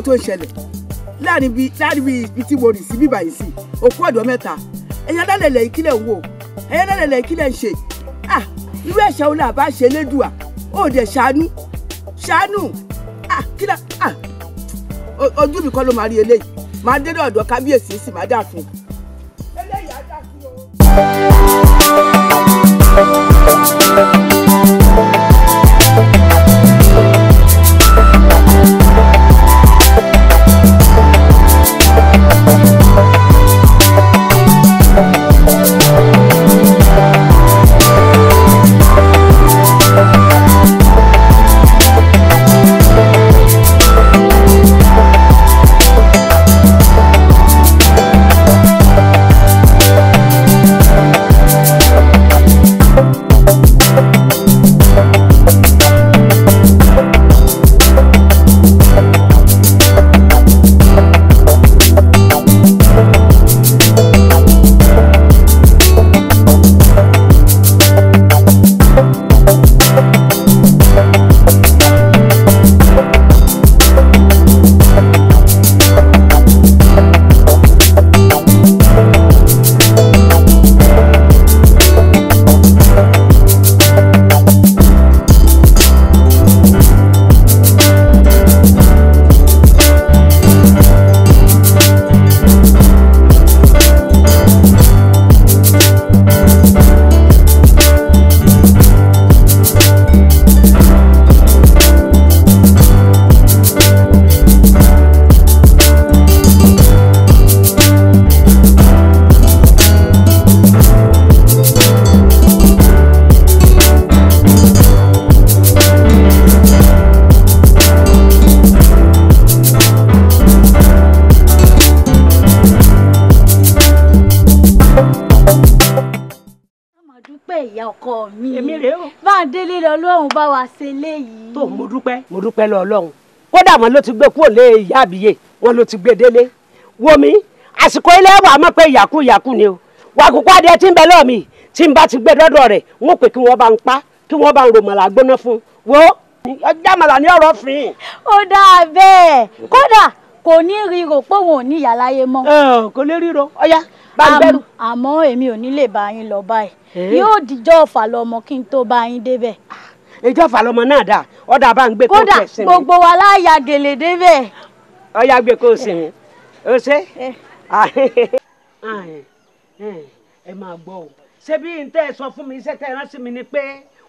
nǹkan tó ń ṣẹlẹ̀ láàrin bíi láàrin bíi ibi tí mo rì sí bíbà yìí sí òkú ọ̀dọ́ mẹ́ta ẹ̀yà lálẹ́lẹ̀ ìkílẹ̀ ń wò ẹ̀yà lálẹ́lẹ̀ ìkílẹ̀ ń ṣe ah irú ẹ̀ṣẹ̀ wo làbá ṣe lédùá ó dẹ̀ ṣàánú ṣàánú ah kílà ah ojú mi kọ́ ló máa rí eléyìí máa dé lọ́dọ̀ kábíyèsí sì máa dà fún un. ọkọ mi. èmi rèé o. bá a délé lọ lọ́hùn bá wa ṣe léyìí. tó mo dúpẹ́ mo dúpẹ́ lọ ọlọ́run kódà wọn ló ti gbé kúrò lé ìyá àbíyè wọn ló ti gbé délé wo mi àsìkò ilé wa mọ̀ pé ìyàkú ìyàkú ni o wà kókó adé tí ń bẹ lọ́ọ̀ tí ń bá ti gbé dọ́dọ̀ rẹ̀ wọ́n pè kí wọ́n bá ń pa kí wọ́n bá ń ròmọ̀là gbóná fún wo ọjà màlà ní ọ̀rọ̀ fìn. ó dáa bẹ́ẹ̀ kódà kò ní ríro pé òun ò ní ìyá láyé mọ́. kò lè ríro ọ̀ya bá ń bẹ̀rù. àmọ́ èmi ò ní lè bá yín lọ báyìí eh? yóò dìjọ́ ọ̀fà lọ́mọ kí n tó bá yín débẹ̀. Ah, ìjọ ọ̀fà lọ́mọ náà dà ọ̀dà bá ń gbé kó tẹ̀ sí mi. kódà gbogbo wa láàyà gèlè débẹ̀. ọ̀yà gbé kó sí mi ó ṣe. ẹ máa gbọ́ o ṣé bí n tẹ́ ẹ sọ fún mi iṣẹ́ tẹ́ ẹ rán sí mi ni pé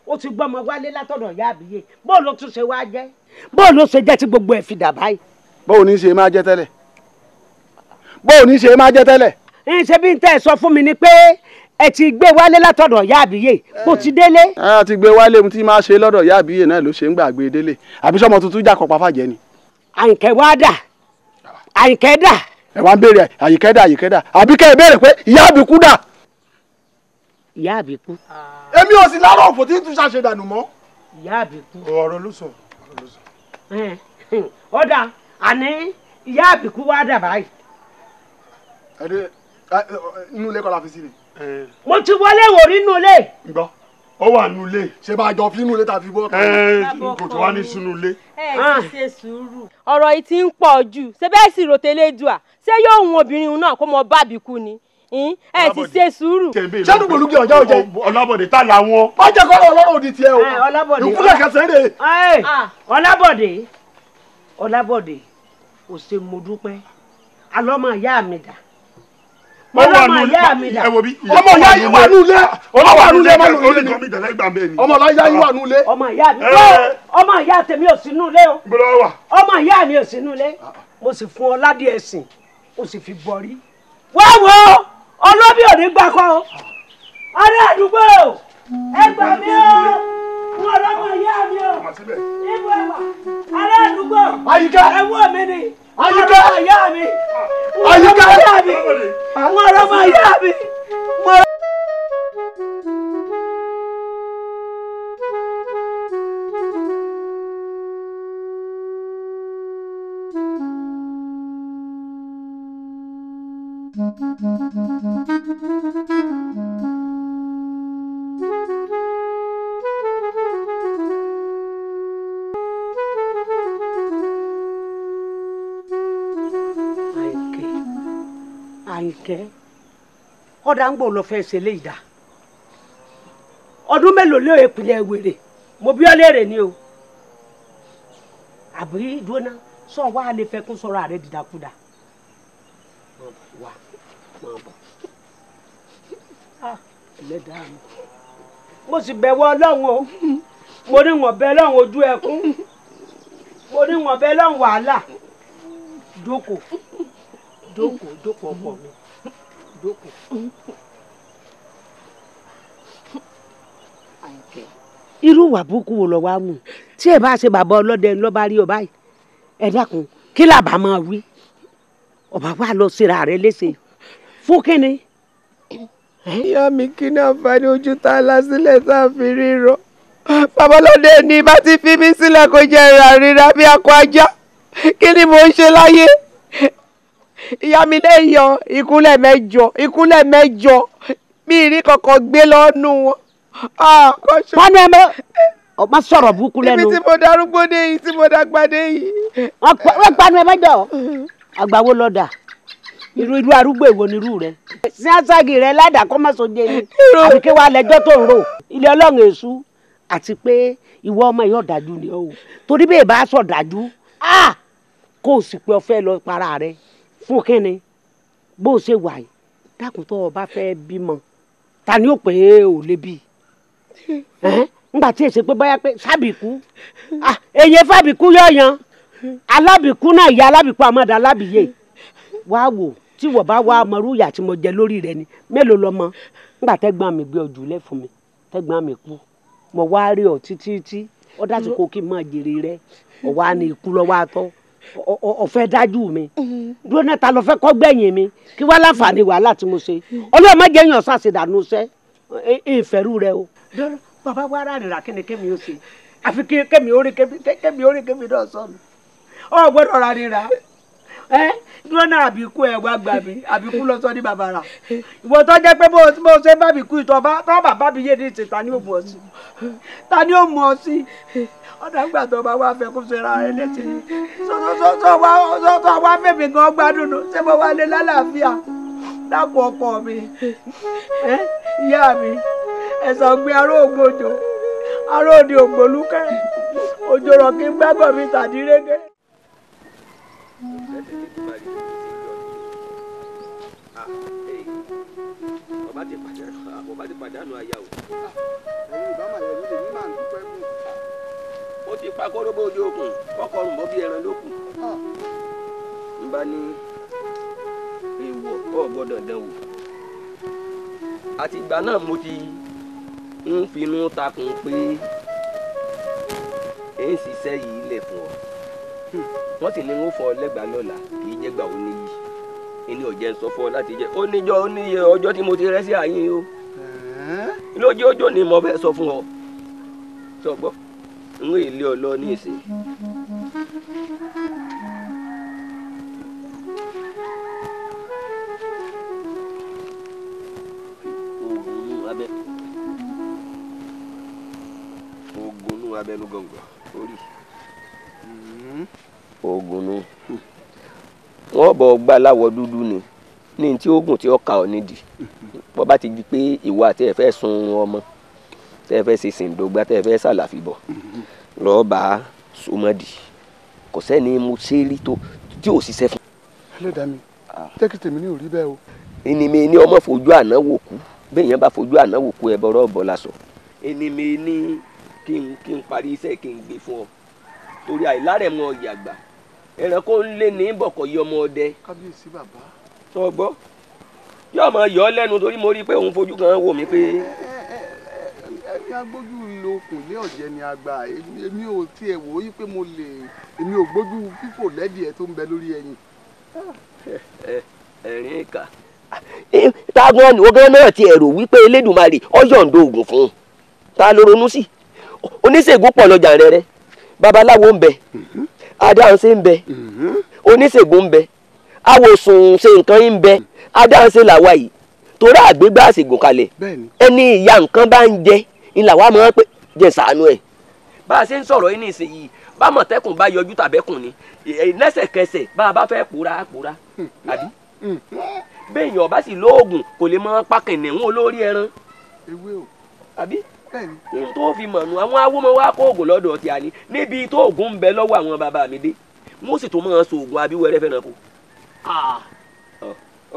ó ti gbọ́mọ wálé látọ̀dọ̀ ìyá àbíyè bóun ló tún ṣe wá jẹ́ bóun ló ṣe jẹ́ tí gbogbo ẹ̀ fi dà báyìí. bóun ní í ṣe máa jẹ tẹ́lẹ̀ bóun ní í ṣe máa jẹ tẹ́lẹ̀ ṣé bí n tẹ́ ẹ sọ fún mi ni pé ẹ ti gbé wálé látọ̀dọ̀ ìyá àbíyè bó ti délé. a ti gbé wálé mo tí máa ṣe lọ́dọ̀ ìyá àbíyè náà ló ṣe ń gbàgbé délé àbí sọmọ tuntun jà kan pàfàjẹ́ ni. àyìnkẹ́ wá dà àyìnkẹ́ dà. ẹ wá ń béèrè àyìnkẹ́ dà àyìnkẹ́ dà àbí kẹ́ ẹ béèrè pé ìyá àbíkú dà. ìyá àbíkú. èmi ò sì lárò òfò tí n tún ṣàṣe dànù mọ́. ìyá àbíkú. ọ̀rọ̀ ló sọ ọ̀rọ̀ ló sọ. ọ̀dà Ah, eh, eh, inú ilé kọ́ la fi sí ni. Eh. mo ti wọlé wò rí inú ilé. gbọ́ ó wà nínú ilé ṣé bá a jọ fínú ilé tàbí bọ́ ọ̀tọ̀ kò tó wá ní sínú ilé. ẹ ti ah. ṣe sùúrù. ọ̀rọ̀ yìí ti ń pọ̀ jù ṣé bẹ́ẹ̀ sì rotele dùà ṣé yóò hun obìnrin náà kó mọ báàbí kú ni ẹ ti ṣe sùúrù. sẹ́nu gbòlúgi ọjọ́ òjẹ́ ọlábọ̀dé ta la wọn. má jẹ́ kọ́ ọlọ́run òdì tiẹ̀ o ìkúlẹ̀ kẹsẹ̀ rè. Ah. ọlábọ̀dé ọlábọ̀dé ò ṣe mo dúpẹ́ alọ́mọ ìyá mi dà ọmọ ìyá mi dà ọmọ ìyá yìí wà nule ọmọ wà nulẹ̀ ọmọ nulẹ̀ ni ọmọ ìyá yìí wà nulẹ̀. ọmọ ìyá mi tó ọmọ ìyá tèmi ò sí nulẹ̀ o ọmọ ìyá mi ò sí nulẹ̀ ah, ah. mo sì fún ọ ládìí ẹ̀sìn o sì fi bọ̀rí. wá wo ọlọ́bí ò ní gbà kọ́ ará àdúgbò ẹ gbà mí o fún ọlọ́mọ ìyá mi o ibò ẹ̀wà ará àdúgbò ẹ wọ́ mi ni. Àyíká ìyá mi. Àyíká ìyá mi. Mo rọ ọmọ mi. Mo jẹ́ ọ̀dà ń gbò lọ ṣe lé ìdá ọdún mélòó lé wèrè mo bí ọ ni o àbí ìdúná sọ wá lè fẹ́ ààrẹ dìdàkudà ah, mo sì bẹ̀wọ̀ ọlọ́run o mo ní wọn bẹ lọ́run ojú ẹkún mo ní wọn bẹ lọ́run wàhálà dóko dóko dóko ọkọ mi. dókun. irú ìwà burúkú wo lọ wá mú tí ẹ bá ṣe bàbá ọlọ́dẹ lọ́ba rí ọba yìí ẹ dákun kí làbá máa wí ọba wa lọ síra rẹ léṣe fún kínní. ìyá mi kí ni àǹfààní ojú tá a la sílẹ̀ tá a fi ni bá ti fi mí sílẹ̀ kó jẹ́ ìrà ríra bí akọ ajá kí ni mo ń ṣe láyé ìyá mi lẹ́yọ ìkúnlẹ̀ mẹ́jọ ìkúnlẹ̀ mẹ́jọ mi rí kankan gbé lọ́nu wọn. wọ́n ní ẹ mọ́ ọmọ sọ̀rọ̀ burúkú lẹ́nu. ibi tí mo darúgbó dé yìí tí mo dàgbà dé yìí. wọ́n panu ẹ mẹ́jọ àgbàwo lọ́dà irú irú arúgbó èwo ni irú rẹ. síásáàgì rẹ ládàá kọ́ mọ́sọ jẹ ni àbíké wa lẹ́jọ́ tó ń rò ilé ọlọ́run èṣù àti pé ìwọ ọmọ yóò dájú ni ó torí bẹ́ẹ̀ bá sọ̀ dájú kó o sì pé ọ fẹ́ lọ para rẹ fún kínni bó ṣe wà yìí dákun tó o bá fẹ́ bímọ ta ni ó pè é ò lè bí ngbà tí èsì pé báyà pé sábìkú ah, èyí fábìkú yóò yan alábìkú náà ìyá alábìkú àmọ́dá alábìyè wàá wò tí wọ́n bá wá ọmọ rúyà tí mo jẹ lórí rẹ ni mélòó lọmọ ngbà tẹ́gbọ́n mi gbé ojú lé fún mi tẹ́gbọ́n mi kú mo wá rí ọ títí tí ó dásìkò kí n máa jèrè rẹ ọ wá ní ikú lọ́wọ́ àtọ́ ọ̀fẹ́ dájú mi mm-hmm. dúró náà ta lọ fẹ́ kọ́ gbẹ̀yìn mi kí wàá láǹfààní wàhálà tí mo ṣe ọlọ́run má jẹ́ yàn sàṣedànù sẹ́ ìfẹ́rù rẹ o. bàbá wa ara rìnrà kí ni kémi ó ṣe àfi kémi ó rí kémi náà sọnù ọ gbọ́dọ̀ ra rìnrà ẹ eh, dúró náà àbíkú ẹ wá gbà mí àbíkú lọ sọ ní bàbá rà ìwọ tó jẹ pé bó bó ṣe bá mi kú ìtọ bá tó bàbá mi yé ní ìsìn ta ni ó mú ọ sí ta ni ó mú ọ sí ọ̀dà ńgbà tó bá wá fẹ́ kó ṣera rẹ létí sọ́tọ̀ wá fẹ́mi gan gbádùn ṣé mo wá lé lálàáfíà dákun ọkọ mi eh, ìyá mi ẹ̀sán gbé aró ògbójò aró òde ògbólúkẹ́ òjò rọ̀ kí n gbẹ́gbọ̀n mi tàdí régé tètè ti parí ìlú tí ń lọ ní ọba ti àtìgbà náà mo ti ń finú takùn pé èyí ṣiṣẹ́ yìí lẹ̀ fún ọ. wọ́n sì ní ń fọ lẹ́gbàá lọ́la kì í jẹ́gbà ó níyì ilé ọ̀jẹ̀ sọ fún ọ láti jẹ́ ó níjọ́ ó níye ọjọ́ tí mo ti rẹ́ sí àyín o ilé ọjọ́ ọjọ́ ni mo fẹ́ sọ fún ọ sọ gbọ́ ilé ọlọ ní ìsìn. abẹnugọngọ orí. oògùn nu wọn bọ gbà láwọ dúdú ni ní ti oògùn tí ó kà ọ nídìí wọn bá ti di pé ìwà àti ẹfẹ sun ọmọ tẹfẹ ṣe sìndógbà tẹfẹ ṣàlàfíbọ lọọ bá sọmọdì kò sẹ́ni mo ṣe rí tó tí ò ṣiṣẹ́ fún. ẹlẹ́dàá mi tẹ́kì tèmi ní òrí bẹ́ẹ̀ o. ìnìmí ni ọmọ fojú àná wò kú béèyàn bá fojú àná wò kú ẹ bọ́rọ̀ bọ́ la sọ. ìnìmí ni kí n parí iṣẹ́ kí n gbé fún ọ torí àìlárẹ̀mọ ìyàgbà ẹranko ń lé ní bọ̀kọ̀ yí ọmọ ọdẹ. kábíyèsí bàbá. sọ gbọ́ yóò mọ yọ lẹ́nu torí mo rí i pé òun fojú kan wò mí pé. ẹni agbójú okùn ní ọ̀jẹ̀ ni àgbà èmi ò tiẹ̀ wò yí pé mo lè èmi ò gbójú fífò tó ń bẹ lórí ni ogán ti wípé elédùnmarè fún un ta ló ronú sí oníṣègùn pọ lọjà rẹ rẹ. babaláwo ń bẹ mhm. adáhunṣe ń bẹ mhm. oníṣègùn ń bẹ awòsùn ṣe nǹkan ń bẹ adáhunṣe làwa yìí torí àgbégbá àṣègùn kalẹ̀ ẹni ìyá nǹkan bá ń jẹ ni làwa máa ń pè jẹ sànú ẹ̀. bá a ṣe ń sọ̀rọ̀ yín nísìnyí bá mọ̀tẹ́kùn bá yọjú tàbẹ́kùn ni lẹ́sẹ̀kẹsẹ̀ bá a bá fẹ́ pòórá pòórá mhm. àbí béèyàn bá sì lóògùn kò lè mọ pákìnnì ń olórí ẹran àbí n tó fi mọ̀ àwọn awọ́mọ wa kó oògùn lọ́dọ̀ ọ̀tí àní níbi tó oògùn ń bẹ lọ́wọ́ àwọn bàbá mi dé wọ́n sì tó máa so oògùn abíwẹ́rẹ́ fẹ́ràn kù.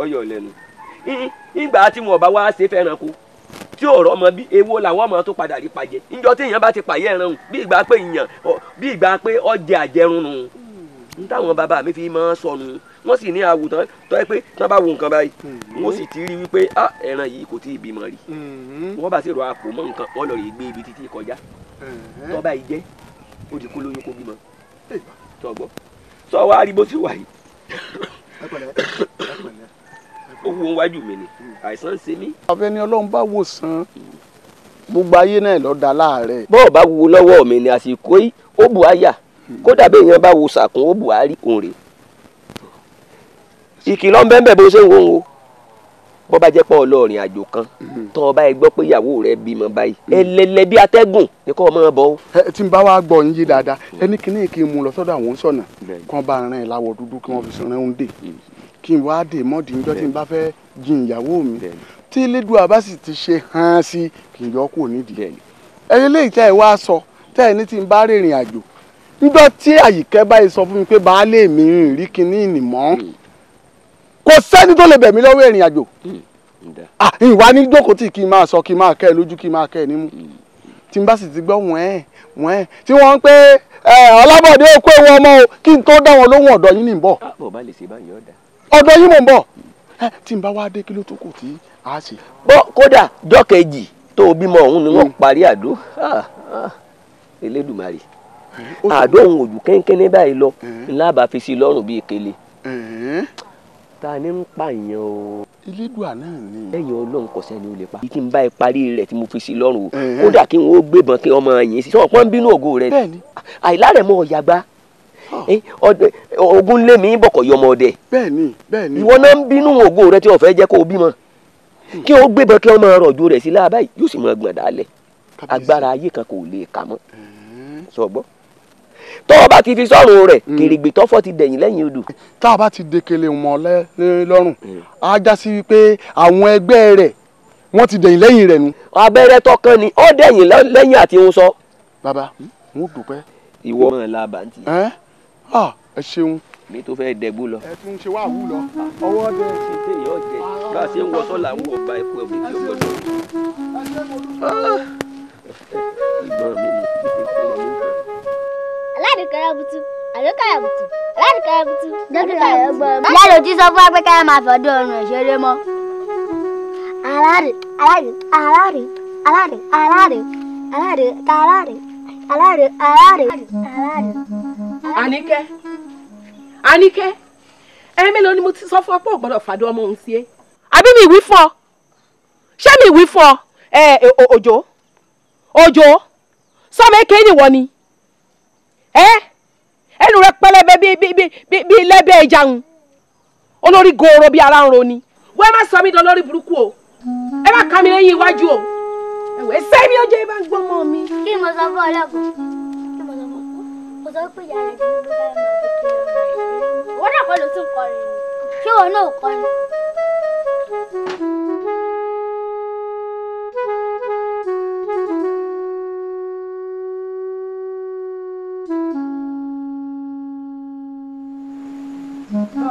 ọyọ lẹ́nu ìgbà tí wọn bá wá ṣe fẹ́ràn kù tí ọ̀rọ̀ ọmọ bí èwo làwọn ọmọ tó padà rí pàjẹ́ níjọ́ tí èèyàn bá ti pàyẹ́ ẹran bí ìgbà pé èèyàn bí ìgbà pé ọjẹ àjẹrun nù n táwọn bàbá mi fi máa ń sọnù wọ́n sì ní àwùtán tó yẹ pé tí wọ́n bá wo nǹkan báyìí mhm. wọ́n sì ti rí wípé ah ẹran yìí kò tí ì bímọ rí mhm. wọ́n bá sì rọ àpò mọ́ nǹkan wọ́n lọ rè gbé ibi títí kọjá mhm. tó bá yìí jẹ́ ó ti kó lóyún kó bímọ tó gbọ́ sọ wá rí bó ti wà yìí ó wo wájú mi ni àìsàn ń ṣe mí. àfẹni ọlọ́run bá wò sàn gbogbo ayé náà lọ́ọ́ da láàárẹ̀. bọ́ọ̀ bá wo lọ́wọ́ mi ni àsìkò yìí ó bu àyà kódà bẹ́ẹ̀ yẹn bá wo sàkún ó buhari òun rè ìkìlọ̀ ń bẹ́ẹ̀ bó ṣe ń wo ń o bọ́ bá jẹ́ pọ̀ ọlọ́ọ̀rìn àjò kan tọ́ ọ báyìí gbọ́ pé ìyàwó rẹ bímọ báyìí mm-hmm. ẹlẹ́lẹ́ bí atẹ́gùn ni kọ́ ọmọ bọ́. ẹ tí n bá wàá gbọ́ yín yé dáadáa mm-hmm. ẹni kìíní kí n mú lọ sọ́dọ̀ àwọn sọ̀nà kí wọ́n bá rán ẹ láwọ̀ dúdú kí wọ́n fi sọ̀rọ̀ ń dè mm-hmm. kí n wá dè mọ́ọ̀dì níjọ́ tí n bá fẹ́ jin ìyàwó mi tí Elédùà bá sì ti ṣe hàn sí kì í yọ kúrò nídìí ẹ níjọ́ tí àyíkẹ́ báyìí sọ fún mi pé baálé mi rìn rí kinní ìnìmọ́ hmm. kò sẹ́ni tó lè bẹ̀ mí lọ́wọ́ ìrìn àjò hmm. ah, ìwà ní jókòó tí kì í máa sọ kì í máa kẹ́ ẹ lójú kì í máa kẹ́ ẹ nímú hmm. tí n bá sì ti gbọ́ wọ́n ẹ̀ wọ́n ẹ̀ tí wọ́n ń pé ọlábọ̀dé òkú ẹ̀wọ̀n ọmọ o kí n tó dá wọn lóhùn ọ̀dọ̀ yín ní n bọ̀ ah, ọ̀dọ̀ yín mò ń bọ̀ eh, tí n bá wá dé kí ló tó kù tí a ṣe. bọ́ kódà dọ́kẹ́jì tó bímọ ọ̀hún ni wọ́n parí àdó ah, Elédùmarè. àdóhùn òjò ní báyìí lọ ńlá fi sí lọ́rùn bíi kele. ta ni ń pààyàn o. elédùà náà ni. lẹ́yìn ọlọ́run kò sẹ́ni ó pa. kí n bá parí rẹ̀ tí mo fi sí lọ́rùn o. kódà kí n ó gbébọn kí ọmọ yẹn sí. bínú ògo rẹ̀. bẹ́ẹ̀ni. àìlárẹ̀ mọ́ ọ̀yà ogun lé mi bọ̀kọ̀ ọdẹ. bẹ́ẹ̀ni bẹ́ẹ̀ni. ìwọ náà ń bínú ògo rẹ tí jẹ́ kó o bímọ hmm. kí o gbébọn kí ọmọ rẹ̀ sí láàbá yìí yóò sì agbára ayé tó o bá ti fi sọ́rùn rẹ̀ mm. kèrègbè tọ́fọ́ ti dẹ̀yìn lẹ́yìn odò. tá a bá ti dekele mọ́ lọ́rùn mm. á já sí pé àwọn ẹgbẹ́ rẹ̀ wọ́n ti dẹ̀yìn lẹ́yìn rẹ̀ nu. abẹ́rẹ́ tọkàn ni ó dẹ̀yìn lẹ́yìn àti ohun sọ. bàbá mo dúpẹ́. ìwọ mọ̀ lába ntì. ẹ ẹ ṣeun. mi tó fẹ́ dẹ̀gbú lọ. ẹ tún ṣe wàá wú lọ. ọwọ́ dẹ ṣe tẹ ìyá ọ̀jẹ̀ bá a ṣe ń wọṣọ́ là ń wọ̀ bá ikú mi ni ìgbọ́n mi ni aládùkẹ́rẹ́bùtù àlùkẹ́rẹ́bùtù aládùkẹ́rẹ́bùtù aládùkẹ́rẹ́bùtù. lẹ́nu tí sọ fún wa pé ká máa fọ̀dọ̀ ọ̀run ìṣeré mọ́. alárìn alárìn alárìn alárìn alárìn alárìn alárìn alárìn alárìn alárìn. àníkẹ́ àníkẹ́ ẹ mélòó ni mo ti sọ fún ọ pé ò gbọ́dọ̀ fàdó ọmọ òun sí ẹ àbí mi ìwí fún ọ ṣé mi ìwí fún ọ ẹ òjò òjò sọmọ èké nìwọ ni E, ẹnu rẹ pẹlẹbẹ bi bi bi bi lẹ́bẹ̀ẹ́ olórí bíi ara ń roni wọ́n ẹ sọ mí dán lórí burúkú o ẹ lẹ́yìn o ẹ̀wẹ̀ ṣé mi ó jẹ́ gbọ́ mọ́ mi. kí sọ fún kí sọ fún sọ ń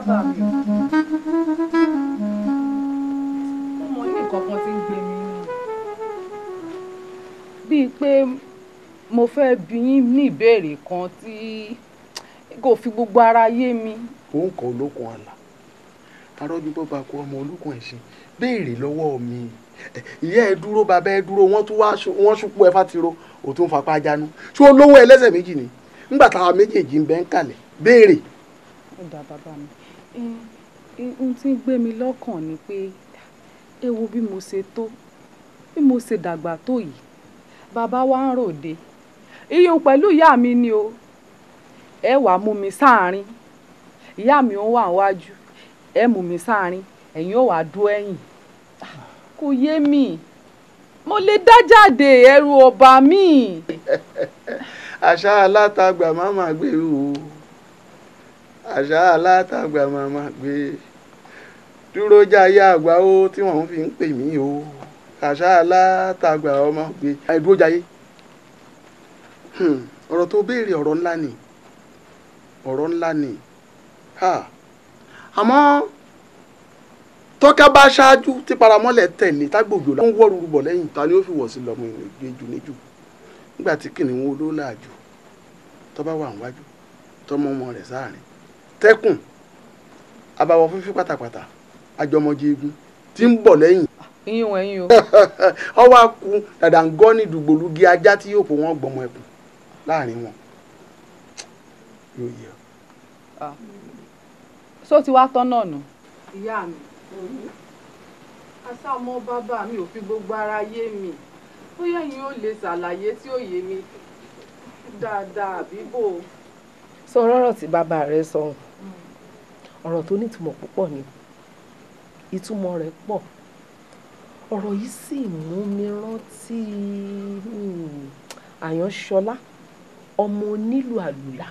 bá mi ó mọ ní nǹkan kan tí ń gbé mi nínú. bíi pé mo fẹ́ bi yín ní ìbéèrè kan tí kò fi gbogbo ara yé mi. ó ń kọ olókun àlà arọ́jú bó ba kó ọmọ olókun ẹ̀ ṣe béèrè lọ́wọ́ mi ìyá ẹ dúró bàbá ẹ dúró wọ́n tún wọ́n ṣùpù ẹ fàtìró ò tún fapá jánu ṣé olówó ẹlẹ́sẹ̀ méjì ni nígbà táwa méjèèjì ń bẹ ń kalẹ̀ béèrè. ó dà bàbá mi ohun tí ń gbé mi lọ́kàn ni pé ẹ wo bí mo ṣe tó bí mo ṣe dàgbà tó yìí bàbá wa ń ròde iyùn pẹ̀lú ìyá mi ni o ẹ wàá mú mi sáàrin ìyá mi ó wà wájú ẹ mú mi sáàrin ẹ̀yin ó wàá dún ẹ̀yìn ah, kò yé mi mo lè dá jáde ẹrù ọba mi. àṣà alátagbà má máa gbèrú o àṣà alátagbà máa máa gbé dúró jáyé àgbà ó tí wọ́n fi ń pè mí o àṣà alátagbà ọmọ gbé dúró jáyé hmm, ọ̀rọ̀ tó béèrè ọ̀rọ̀ ńlá ni ọ̀rọ̀ ńlá ni àmọ́ tọ́ka bá ṣáájú tí paramọ́lẹ̀ tẹ̀lé tágbòjò la ń wọ́ rúbọ̀ lẹ́yìn ta ni ó fi wọ̀ sí lọ́mọ ìgbẹ́jù níjù nígbà tí kìnìún olóòlà jù tọ́ bá wà níwájú tọ́mọ ọmọ rẹ̀ sáàrin àmọ̀tẹ́kùn àbàwọ̀ fífi pátápátá àjọmọ̀jẹ egun tí ń bọ̀ lẹ́yìn. iyún ah, ẹyin o. ọwọ́ akú dàdàngọ́ ní dùgbòlugi ajá tí yóò pò wọ́n gbọmọ ẹ̀kún láàrin wọn yóò yẹ. só ah. ti wá tán náà nù. ìyá mi asámọ bàbá mi ò fi gbogbo ara yé mi bóyá ẹ̀yin ò lè ṣàlàyé tí ó yé mi dáadáa àbí bò. sọ rọrọ tí bàbá rẹ sọ hàn ọ̀rọ̀ tó nítumọ̀ púpọ̀ ni ìtumọ̀ rẹ̀ pọ̀ ọ̀rọ̀ yìí sì mú mi rántí hmm, Àyánṣọlá ọmọ onílù àlùlà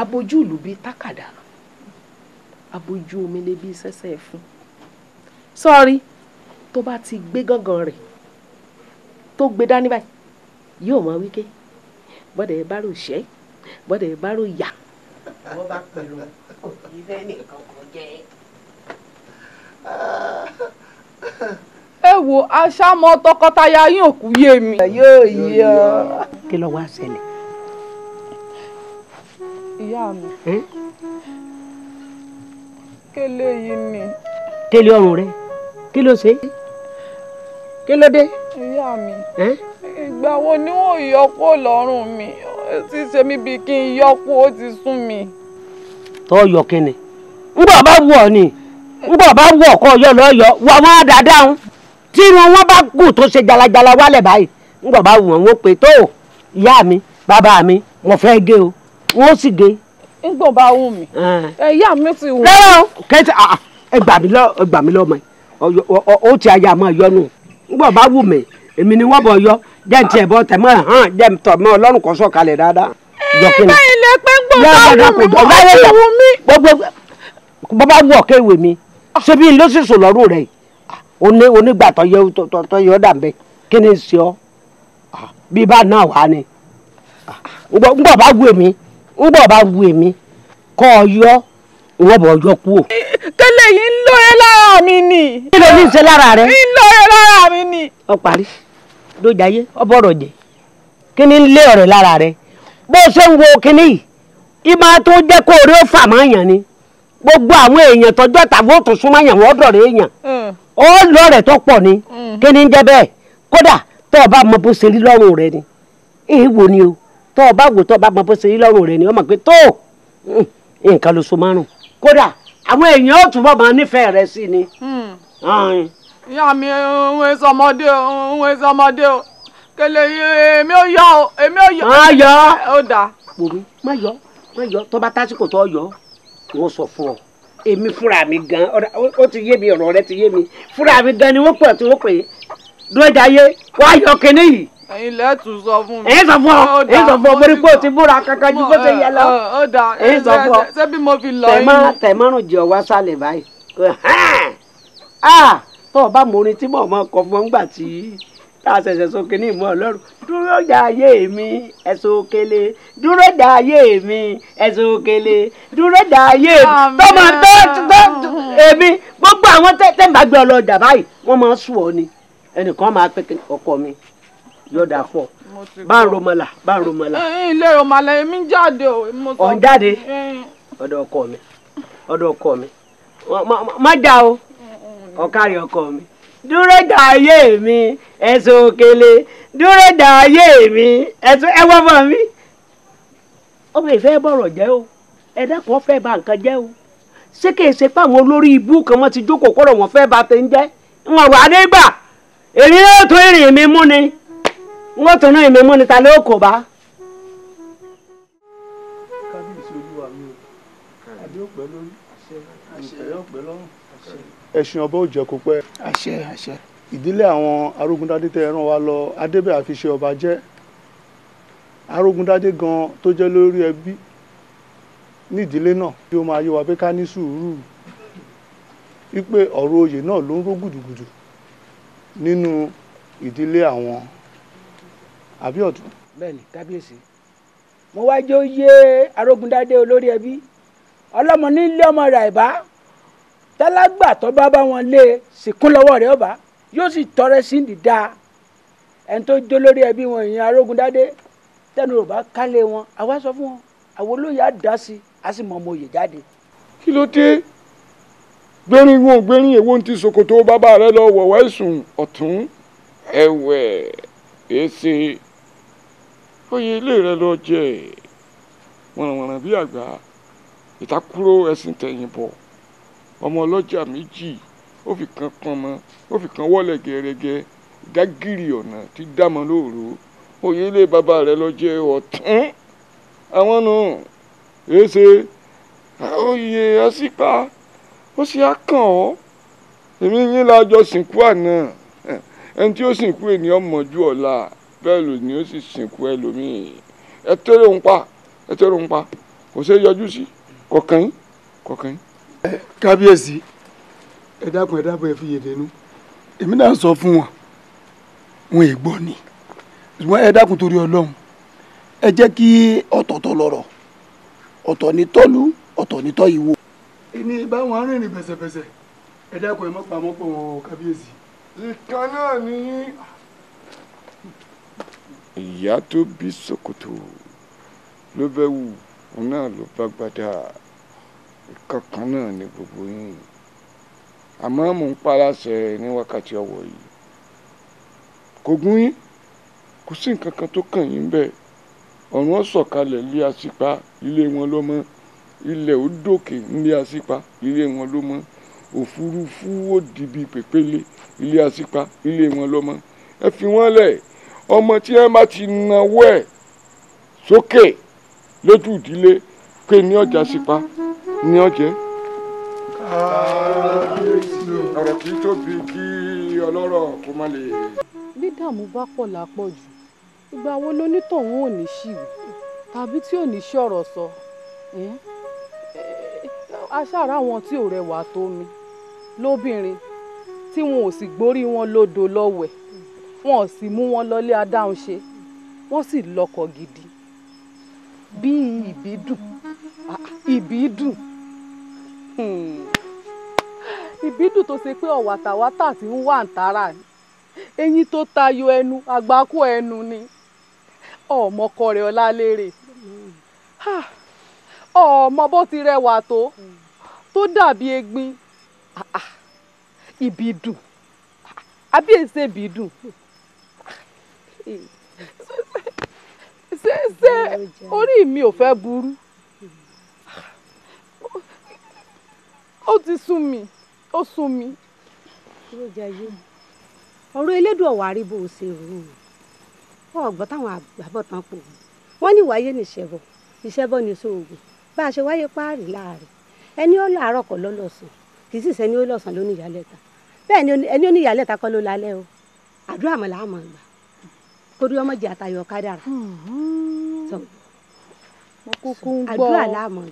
abojú ìlú bíi tákàdá abojú omele bíi sẹ́sẹ́ ẹ̀fún sọ́ọ́rí tó bá ti gbé gángan rẹ̀ tó gbé dání báyìí yóò mọ wíké bọ́dẹ̀ bá rò ṣẹ́ bọ́dẹ̀ bá rò yà ìwọ bá pẹ̀lú ìfẹ́ nìkan kan jẹ́. ẹ wo aṣámọ tọkọtaya yín ò kú yé mi. yóò yí ọ. kí ló wá ṣẹlẹ̀. ìyá mi. kélé yìí ni. kélé ọrùn rẹ kí ló ṣe kí ló dé. ìyá mi ìgbà wo ni wọn ò yọkú lọ́rùn mi ó ti ṣe mí bíi kí n yọkú ó ti sún mi. tó yọ kíni ngbọ bá wù ọ ni ngbọ bá wù ọkọ yọ lọyọ wà wọn dáadáa ń tí irun wọn bá kù tó ṣe jalajala wálẹ̀ báyìí ngbọ bá wù wọn wọn pé tó ìyá mi bàbá mi wọn fẹ́ gé o wọn sì gé. ngbọ bá wù mí ẹyà mi ti wù. lọ́wọ́ kẹ́tì ẹgbàmílọ́mọ ó ti ayé àmọ́ yọnu ngbọ bá wù mí èmi ni wọ́n bọ̀ yọ jẹ́ ntí ẹ̀ bọ́ tẹ̀ mọ́ hàn jẹ́ tọ̀ mọ́ ọlọ́run kọ́ sọ̀kalẹ̀ dáadáa. ìbá ilé pé ń gbọ́dọ̀ wù mí bọ́bá wù ọ̀kẹ́ ìwé mi ah. ṣé bí ló sì sùn lọ́rùn rẹ̀ onígbà tó yọ dà bẹ́ẹ̀ kí ni ṣe ọ́ ah, bí bá náà wà ni ah, ngbọ̀ bá wù èmi ngbọ̀ bá wù èmi kọ́ ọ yọ ìwọ bọ̀ ọjọ́ kú o. kẹlẹ yìí ń lọ ẹ lára mi ni. kí ló ní í ṣe lára rẹ. ń lọ ẹ lára mi ni. ó parí dójàyé ọbọ̀rọ̀ jẹ kíní ń lé ọ̀rẹ́ lára rẹ bó ṣe ń wo kíní yìí ìmọ̀ tó jẹ́ kó orí ó fà máa yàn ni gbogbo àwọn èèyàn tọjọ́ tàbí ó tún súnmọ́ yàn wọ́n dọ̀rẹ́ èèyàn mm. ó lọ́rẹ̀ tó pọ̀ ni mm. kíní ń jẹ́ bẹ́ẹ̀ kódà tó o bá mọ bó ṣe rí lọ́rùn rẹ ni èèwọ̀ ni o tó o bá wò tó o bá mọ bó ṣe rí lọ́rùn rẹ ni o mọ̀ pé tó nǹkan ló so márùn kódà àwọn èèyàn ó túbọ̀ máa nífẹ̀ẹ́ rẹ sí ni. Mm ìyá mi òun èso ọmọdé òun èso ọmọdé o kele èmi ò yọ o èmi ò yọ. má yọ ó dà. bòmí má yọ má yọ tó bá tásìkò tó yọ wọn sọ fún ọ èmi fúnra mi gan ó ti yé mi ọ̀rọ̀ rẹ ti yé mi fúnra mi gan ni wọ́n pọ̀ tí wọ́n pè é dúrójà yé wá yọ kínní yìí. ẹ̀yin lẹ́tù sọ fún mi. ẹ̀yin sọ fún ọ ẹ̀yin sọ fún ọ borí pé o ti múra kankan ju bó ṣe yẹ lọ. ó dà ẹ̀yin sọ fún ọ ṣé bí mo fi lọ yín. tẹ̀mọ́rùn jẹ́ wá sálẹ̀ báyìí tó o bá mọ orin tí mò ń mọ kọ fún ọ ńgbà tí tá a ṣẹ̀ṣẹ̀ sókè ní ìmọ̀ ọlọ́run dúró dà ayé mi ẹ̀sùn òkèlè dúró dà ayé mi ẹ̀sùn òkèlè dúró dà ayé mi tọmọ tó tó èmi gbogbo àwọn tẹ́ ń bá gbé ọlọ́dà báyìí wọ́n máa ń sùn ọ ni ẹnìkan máa pẹ́ ọkọ mi yọ̀dà pọ̀ bá ń romọlà bá ń romọlà. ilé romọlà èmi ń jáde o. ọ̀ ń jáde ọ̀dọ̀ ọkọ mi ọ̀dọ̀ ọkọ mi má dá o ọ̀kárí ọkọ mi dúró dàáyé mi ẹ̀sùn òkèlè dúró dàáyé mi ẹ̀sùn ẹ̀wọ́mọ mi. ọmọ ìfẹ́ bọ̀rọ̀ jẹ́ o ẹ̀dá kan fẹ́ ba nǹkan jẹ́ o ṣé kìí ṣe pé àwọn olórí ibú kan wọ́n ti jókòó kọ́rọ̀ wọn fẹ́ ba ti ń jẹ́ wọn wà nígbà èmi yóò tó ìrìn mi mú ni wọn tó náà ìmí mú ni ta ló kò bá. ẹṣin ọba ò jẹ́ kó pẹ́. àṣẹ àṣẹ. ìdílé àwọn arógundádé tẹ ẹran wa lọ adébẹ̀ àfiṣe ọba jẹ́ arógundádé gan tó jẹ́ lórí ẹbí ní ìdílé náà bí ó máa yé wa pé ká ní sùúrù wípé ọ̀rọ̀ oyè náà ló ń ró gùdùgùdù nínú ìdílé àwọn àbíọ̀dún. bẹ́ẹ̀ni kábíyèsí mo wá jẹ́ yé arógundádé olórí ẹbí ọlọ́mọ nílé ọmọ ràìbá tálágbà tó bá bá wọn lé sìnkún lọ́wọ́ rẹ̀ ọba yóò sì tọrẹ sí ìdá ẹni tó jó lórí ẹbí wọn ìyẹn arógundádé tẹnu ò bá kálé wọn àwa sọ fún wọn àwọn olóyè á dá sí i á sì mọ ọmọ òye jáde. kí ló dé gbẹ́rin wo gbẹ́rin èwo ń ti ṣòkòtò bàbá rẹ lọ wọ̀wọ́ ẹ̀sùn ọ̀tún ẹ̀wẹ̀ èsè oyè ilé rẹ lọ jẹ wọ̀nrànwọ̀nràn bí àgbà ìtakúrò ẹ̀sìn tẹ̀yìn bọ̀ ọmọ ọlọ́jà méjì ó fi kan pọnmọ ó fi kan wọ́lẹ̀ gẹ́rẹ́gẹ́ dágìrì ọ̀nà ti dámọ lóòró òye ilé bàbá rẹ lọ jẹ ọ̀tún àwọn nù èsè òye àsìpá ó sì á kàn ọ́ èmi yín la jọ sìnkú àná ẹni tí ó sìnkú ènìyàn mọ̀jú ọ̀la bẹ́ẹ̀ lò ní ó sì sìnkú ẹlòmíì ẹ tẹ́lẹ̀ ń pa ẹ tẹ́lẹ̀ ń pa kò é yọjú sí kọ̀ọ̀kan yín kọ̀ọ̀kan yín kábíyèsí ẹ dákun ẹ dábọ̀ ẹ fi yèdè nu èmi náà sọ fún wọn wọn è gbọ́ ni ṣùgbọ́n ẹ dákun torí ọlọ́run ẹ jẹ́ kí ọ̀tọ̀ọ̀tọ̀ lọ̀rọ̀ ọ̀tọ̀ ní tọ́lú ọ̀tọ̀ ní tọ́ ìwò. ìní báwọn arìnrìn bẹ̀sẹ̀bẹ̀sẹ̀ ẹ dákun ẹ mọ́ pamọ́ pọ̀ wọn kábíyèsí. ìkan náà ni yín. ìyá tó bí ṣòkòtò ló bẹ́ wù òun náà ló bá gbádà kankan náà ni gbogbo yín yìí àmọ́ mò ń paláṣẹ ní wákàtí ọwọ́ yìí kò gún yín kò sí nǹkan kan tó kàn yín bẹ́ẹ̀ ọ̀run ọ̀sọ̀kalẹ̀ lé àṣìpá ilé wọn ló mọ́ ilẹ̀ ó dòkè lé àṣìpá ilé wọn ló mọ́ òfurufú ó dìbì pèpéle ilé àṣìpá ilé wọn ló mọ́ ẹ fi wọ́n lẹ̀ ọmọ tí ẹ bá ti nawọ́ ẹ̀ sókè lójú ìdílé pé ní ọjà sípa. Ni ọ̀jẹ́. ọ̀rọ̀ kì í tóbi kí ọlọ́rọ̀ kó má lè. bí dààmú bá pọ̀ lápọ̀ jù ìgbà wo lónítọ̀hún ò ní ṣìwì tàbí tí ò ní ṣọ̀rọ̀ sọ aṣáára àwọn tí ò rẹwà tó mi lóbìnrin tí wọn ò sì gbórí wọn lódò lọ́wẹ̀ wọn ò sì mú wọn lọlé adáhunṣe wọ́n sì lọ́kọ gidi bíi ìbídùn ìbídùn ibidu hmm. tó ṣe pé ọ̀wàtàwátà tí ń wà ń tara eyín tó tayọ ẹnu àgbákò ẹnu ni ọmọkọ rẹ̀ ọlálérè ọmọ bó ti rẹwà tó tó dàbí egbin ha àbí èsè ìbídùn ṣé ṣé orí mi ò fẹ́ burú. ó ti sún mi ó sún mi. ọ̀rọ̀ elédùn ọ̀wà rí bó o ṣe rò ó ọ̀gbọ́n táwọn àgbàbọ̀ tán pò wọ́n ní wáyé ní ìṣẹ́bọ ìṣẹ́bọ ní sóògùn bá a ṣe wáyé páàrí láàrin ẹni ó làárọ̀ kọ́ lọ́lọ́sàn kì í sì sẹ́ni ó lọ́sàn ló ní ìyálẹ̀ta bẹ́ẹ̀ ni ẹni ó ní ìyálẹ̀ta kọ́ ló lálẹ́ o àdúrà mọ̀ làá mọ̀ gbà torí ọmọ jẹ àtàyọ̀ kádàrà hmm. àdúrà làá gbà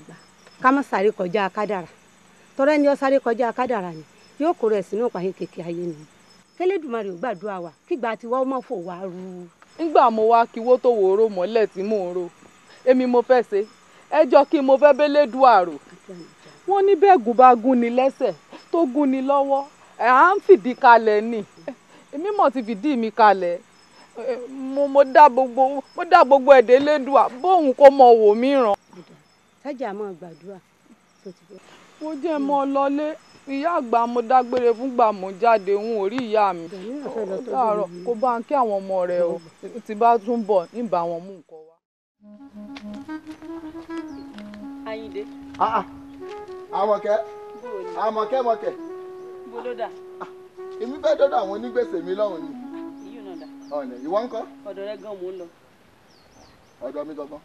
ká má sáré kọjá kádàrà tọrọ ẹni ó kọjá kádàrà ni yóò kó rẹ̀ sínú pààyàn kékeré ayé ni kẹlẹ́dùmarè ò gbàdúrà wa kígbà tí wọ́n mọ̀ fò rú. ńgbà mo wá kíwó tó wòró mọ́lẹ̀ tí mò ń mo fẹ́ ṣe kí mo fẹ́ àrò wọ́n ní bá lẹ́sẹ̀ tó gún lọ́wọ́ à ń fìdí kalẹ̀ ni èmi ti fìdí mi kalẹ̀ mo gbogbo mo dá gbogbo mo jẹ́ mọ́ ọ lọlé ìyá àgbà mo dágbére fúngbà mo jáde ń orí ìyá mi láàárọ̀ kó bá ń kí àwọn ọmọ rẹ̀ o tí bá tún bọ̀ níbà wọn mú nǹkan wá. Ayíǹde. Ah, ah. àmọ̀kẹ́ àmọ̀kẹ́ mọ̀kẹ́. bó ló dà. Ah, èmi bẹ́ẹ̀ dọ́dọ̀ àwọn onígbèsè mi lọ́hùn ni. ìyún náà dà. ọ̀nẹ̀ ìwọ ńkọ́. ọ̀dọ̀ rẹ gan mò ń lọ. ọ̀dọ̀ mi gangan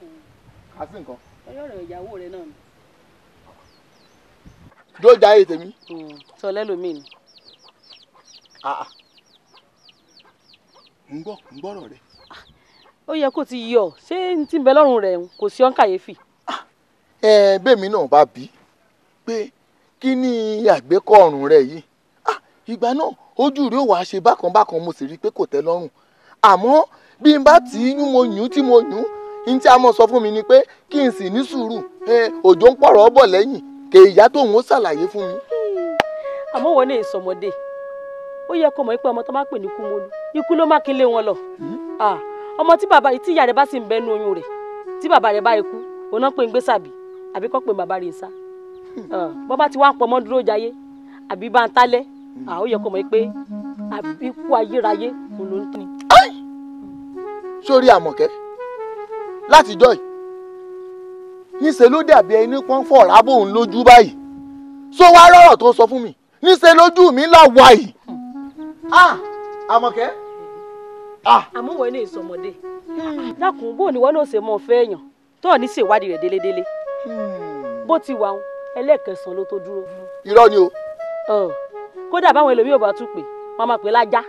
kà sí nǹkan. ọyọ́ rẹ̀ ìyàwó rẹ̀ náà ni yóò já ayé tèmi. Mm, sọ lẹ́lòmíì ni. Ah, ah. ń gbọ́ ń gbọ́rọ̀ rẹ. Ah, ó yẹ kó ti yọ ṣé n ti bẹ lọ́rùn rẹ̀ kò sí ọ́n kàyéfì. ẹ bẹ́ẹ̀mi náà bá bí pé kí ni àgbékọ̀ọ̀rùn rẹ yìí ìgbà náà ojú rẹ ò wá bákan bákan mo sì rí i pé kò tẹ́ lọ́rùn àmọ́ bí n bá tí yún mo yún tí mo yún n tí a mọ̀ sọ fún mi ni pé kí n sì ní sùúrù òjò ń pọ̀rọ̀ ọ́ bọ̀ lẹ́yìn kè ìyá tóun ó ṣàlàyé fún mi. àmọ́ wọn ní ìsọmọdé ó yẹ kó mọ̀ pé ọmọ tó bá pè ní ikú mọ́lú ikú ló má kí lé wọn lọ. ọmọ tí bàbá tí ìyá rẹ̀ bá sì ń bẹnu oyún rẹ̀ tí bàbá rẹ̀ bá ikú òun náà pè ń gbé sàbí àbí kọ́ pé bàbá rẹ̀ sá. bọ́ bá ti wá ń pọ̀ mọ́ dúró jayé àbí bá ń tálẹ̀ ó yẹ kó mọ̀ pé ikú ayérayé òun ló ń tì. sórí àmọ̀kẹ́ látijọ́ yìí níṣẹ́ ló dàbí ẹni pọ́n fọ̀rá bòun lójú báyìí so wá rọ̀rọ̀ tó sọ fún mi níṣẹ́ lójú mi là wà yìí. Ah! Ah! àmọ̀kẹ́. Ah! àmúwọ̀ inú ìsọmọdé dákun bó ni wọn náà ṣe mọ fẹ́ èèyàn tó ọ̀ ní ṣèwádìí rẹ̀ délédélé hmm. bó ti wà ẹlẹ́ẹ̀kẹsàn-án ló tó dúró. irọ́ ni o. kódà báwọn ẹlòmíì ò bá tún pè wọn máa pè lájá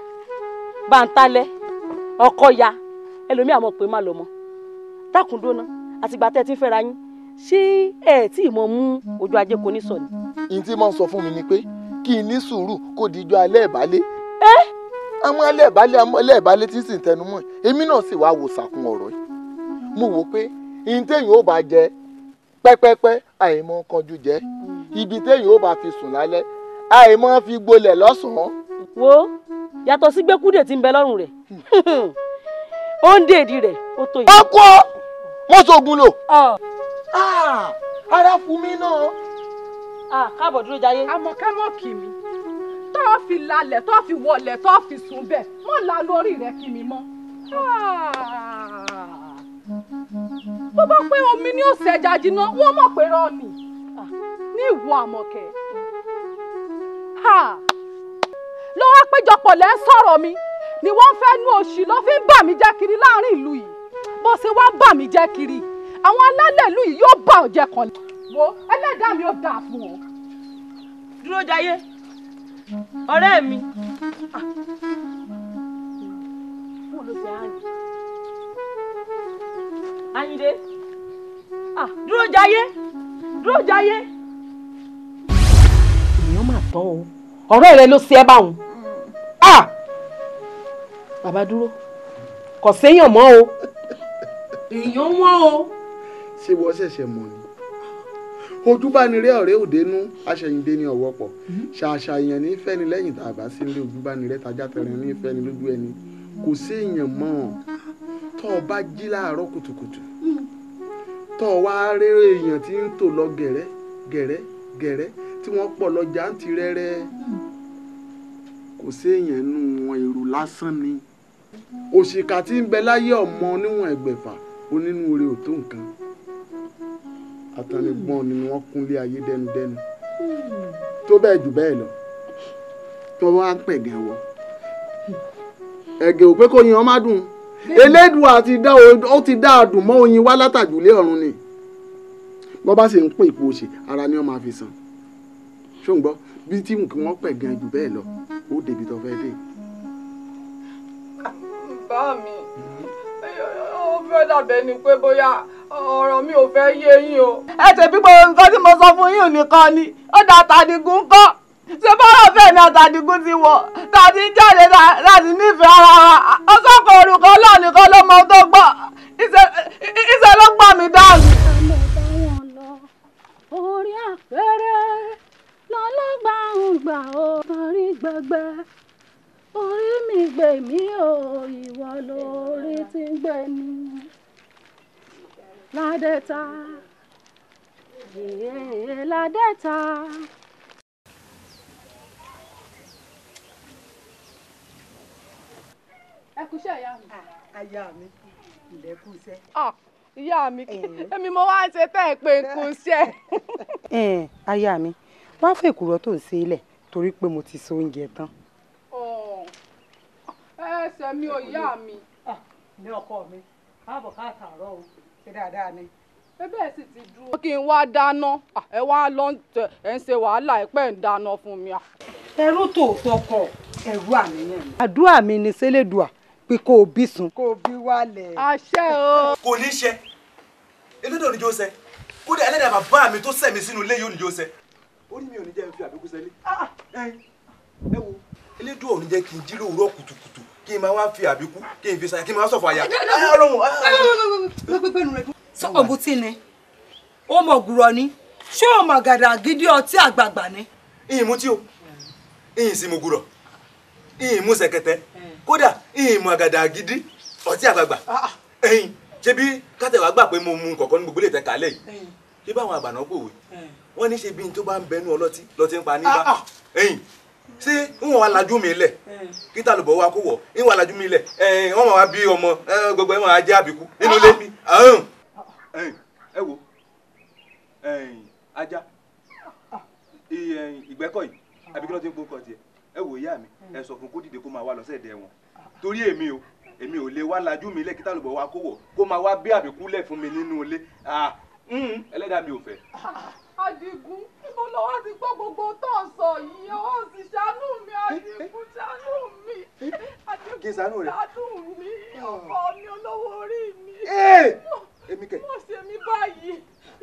bá ń talẹ̀ ọkọ ya ẹlòmíì àmọ́ pé má lọ mọ́ dákun dóná àtìgbà tẹ́ ẹ ti fẹ́ra yín ṣé ẹ tí ì mọ mú ojú ajé kò ní sọ ni. n tí mo sọ fún mi ni pé kí n ní sùúrù kó di ijó alẹ́ ìbálẹ̀. ẹ. àwọn alẹ́ ìbálẹ̀ àwọn alẹ́ ìbálẹ̀ tí ń sìn tẹnu mọ́ èmi náà sì wá wò sàkún ọ̀rọ̀ yìí. mo wò pé n téèyàn ò bá jẹ pẹ́pẹ́pẹ́ àìmọ̀ kanjú jẹ ibi téèyàn ò bá fi sùn lálẹ́ àìmọ̀ fi gbolẹ̀ lọ́sàn-án. wo yàtọ̀ sí gbẹ́kúdè tí ń bẹ lọ́rùn rẹ̀ ó ń dèdí rẹ̀ ó tó yìí. ọkọ mọ́sọ̀gùn lò. Ah, ara fún mi náà. Ah, káàbọ̀ dúró jayé. àmọ́ ká mọ̀ kì mí tó o fi lálẹ̀ tó o fi wọlẹ̀ tó o fi sùn bẹ̀ mọ̀ la lórí rẹ̀ kì mí mọ́. bó ah. bá pé omi ni ó ṣẹja jiná wọ́n mọ̀ pé rọ́ọ̀nì ní ìwọ àmọ̀kẹ́ lọ́wọ́ péjọpọ̀ lẹ́ sọ̀rọ̀ mi ni wọ́n fẹ́ nu òṣì lọ́ fi ń bà mí jẹ́ kiri láàrin ìlú yìí bó ṣe wá bà mí jẹ́ kiri àwọn alálẹ̀ ìlú yìí yóò bá ọ̀jẹ̀ kan wo ẹlẹ́dàá mi ò dáa fún ọ. dúró jayé ọ̀rẹ́ mi. Ayinde ah, dúró jayé dúró jayé. ènìyàn mà tán o ọ̀rẹ́ rẹ ló ṣe ẹ́ báwọn. Ah! bàbá dúró kò séèyàn mọ́ o èèyàn wọ́n o ṣé wọ́n ṣẹ̀ṣẹ̀ mọ̀ ni ojú bá ní rí ọ̀rẹ́ òdenu aṣẹ̀yìndé ní ọ̀wọ́ pọ̀ mm-hmm. ṣàṣà èèyàn ní fẹ́ni lẹ́yìn tàbá sí ilé ojú bá ní rẹ́ tajá tẹ̀rín ní fẹ́ni lójú ẹni kò sí èèyàn mọ́ ọ tọ́ ọ bá jí láàárọ̀ kùtùkùtù tọ́ ọ wá rí èèyàn tí ń tò lọ gẹ̀rẹ́ gẹ̀rẹ́ gẹ̀rẹ́ tí wọ́n pọ̀ lọ jàǹtì rẹ́rẹ́ kò sí èèyàn nù wọn èrò lásán ni òṣìkà tí ń bẹ láyé ọmọ oníwọ̀n ẹgbẹ̀fà onínúure ò tó nǹkan àtànìgbọ́n ni wọ́n kúnlé ayé dẹnudẹnu hmm. tó bẹ́ẹ̀ jù bẹ́ẹ̀ lọ tó wá ń pẹ̀gẹ̀ wọ ẹ̀gẹ̀ ò pé kó yin ọmá dùn elédùn àti dá ó ti dá àdùn mọ́ oyin wá látàjùlé ọ̀run ni bọ́ bá sì ń pín ipò òṣè ara ni wọ́n máa fi san ṣóǹgbọ́ bí tí nǹkan wọn pẹ̀ gan jù bẹ́ẹ̀ lọ ó débi tó fẹ́ dé. bá mi ó fẹ́ dàbẹ́ ni pé bóyá ọ̀rọ̀ mi ò fẹ́ yé yín o. ẹ ṣe bí gbogbo nǹkan sọ fún yín nìkan ni ó da tàdígún kọ́ ṣé bọ́lá bẹ́ẹ̀ ni àtàdígún ti wọ̀ tàbí jáde láti nífẹ̀ẹ́ ara wa ó sọ̀kọ̀ orúkọ náà nìkan ló mọ tó gbọ́ ìṣe ló gbọ́ mi orí àpẹẹrẹ ń gbà gbẹgbẹ orí mi o ìwọ lórí ti La deta. Yeah, ìyá mi. mi, ah, Ìyá mi, ah, èmi mo wá ṣe tẹ́ ẹ pé n kú mi, má fẹ́ tó ń ṣe ilẹ̀ torí pé mo ti so oúnjẹ tán. Oh, Ẹsẹ̀ mi ò yá mi. Ah, ní ọkọ mi, káàbọ̀ káàtàárọ̀ o. ṣe dáadáa ni bẹ́ẹ̀ sì ti dúró. kí n wá dáná ẹ wá lọ ẹ ń ṣe wàhálà ẹ pẹ́ ń dáná fún mi. ẹrú tòótọ́ kọ ẹrú àníyàn ni. àdúrà mi ni sẹ́lẹ̀dùà pé kò bí sun. kò bí wálẹ̀. àṣẹ o. kò ní ṣe elédò níjó ṣe kódà ẹlẹ́dàá bàbá mi tó sẹ̀mí sínú ilé yóò níjó ṣe. ó ní mi ò ní jẹ́ n fi àbíkú sẹ́lẹ̀. Ah, ah, eh. ẹ wo elédò ò ní jẹ́ kí n jí lóòrọ̀ kí n máa wá fi àbíkú kí n fi ṣàyà kí n máa sọ̀fọ̀ àyà. ọ̀gùn ni ó mọ̀ gùrọ̀ ni ṣé o gàdà gidi ọtí àgbààgbà ni. ìyìn mú tí o ìyìn sì mú gùrọ̀ ìyìn mú kódà ìyìn mú gidi ọtí àgbààgbà ẹ̀yìn gbà pé mo mu kọ̀ọ̀kan ní gbogbo yìí ṣé báwọn àgbàná pòwe wọ́n ní ṣe bí n tó bá ń bẹnu ọlọ́tí lọ́tí ń pa níbà ẹ̀yìn ṣé ń wọ́n alájú mi lẹ̀ hmm. kí tàlùbọ̀ wa kó wọ̀ ń wọ́n alájú mi lẹ̀ wọ́n máa bí ọmọ gbogbo ẹ̀ máa jẹ́ àbíkú nínú ilé mi. ẹ wo ajá ìgbẹ́kọ̀ yìí àbí kí ló ti ń gbókọ̀ tiẹ̀ ẹ wò ìyá mi hmm. ẹ sọ fún kó dìde kó máa wá lọ́sẹ̀dẹ̀ wọn torí èmi o èmi ò lè wá lajú mi lẹ́kítà lùbọ̀ wa kó wọ̀ kó máa wá bí àbíkú lẹ̀ fún mi nínú ilé ah, hmm, ẹlẹ́dàá mi ò fẹ́. Adigun níbo ló wá ti gbọ́ gbogbo tó ń sọ yìí ó sì ṣàánú mi Adigun ṣàánú mi Adigun ṣàánú mi ah. ọkọ mi olówó orí mi eh! èmi kẹ. mo ṣe mi báyìí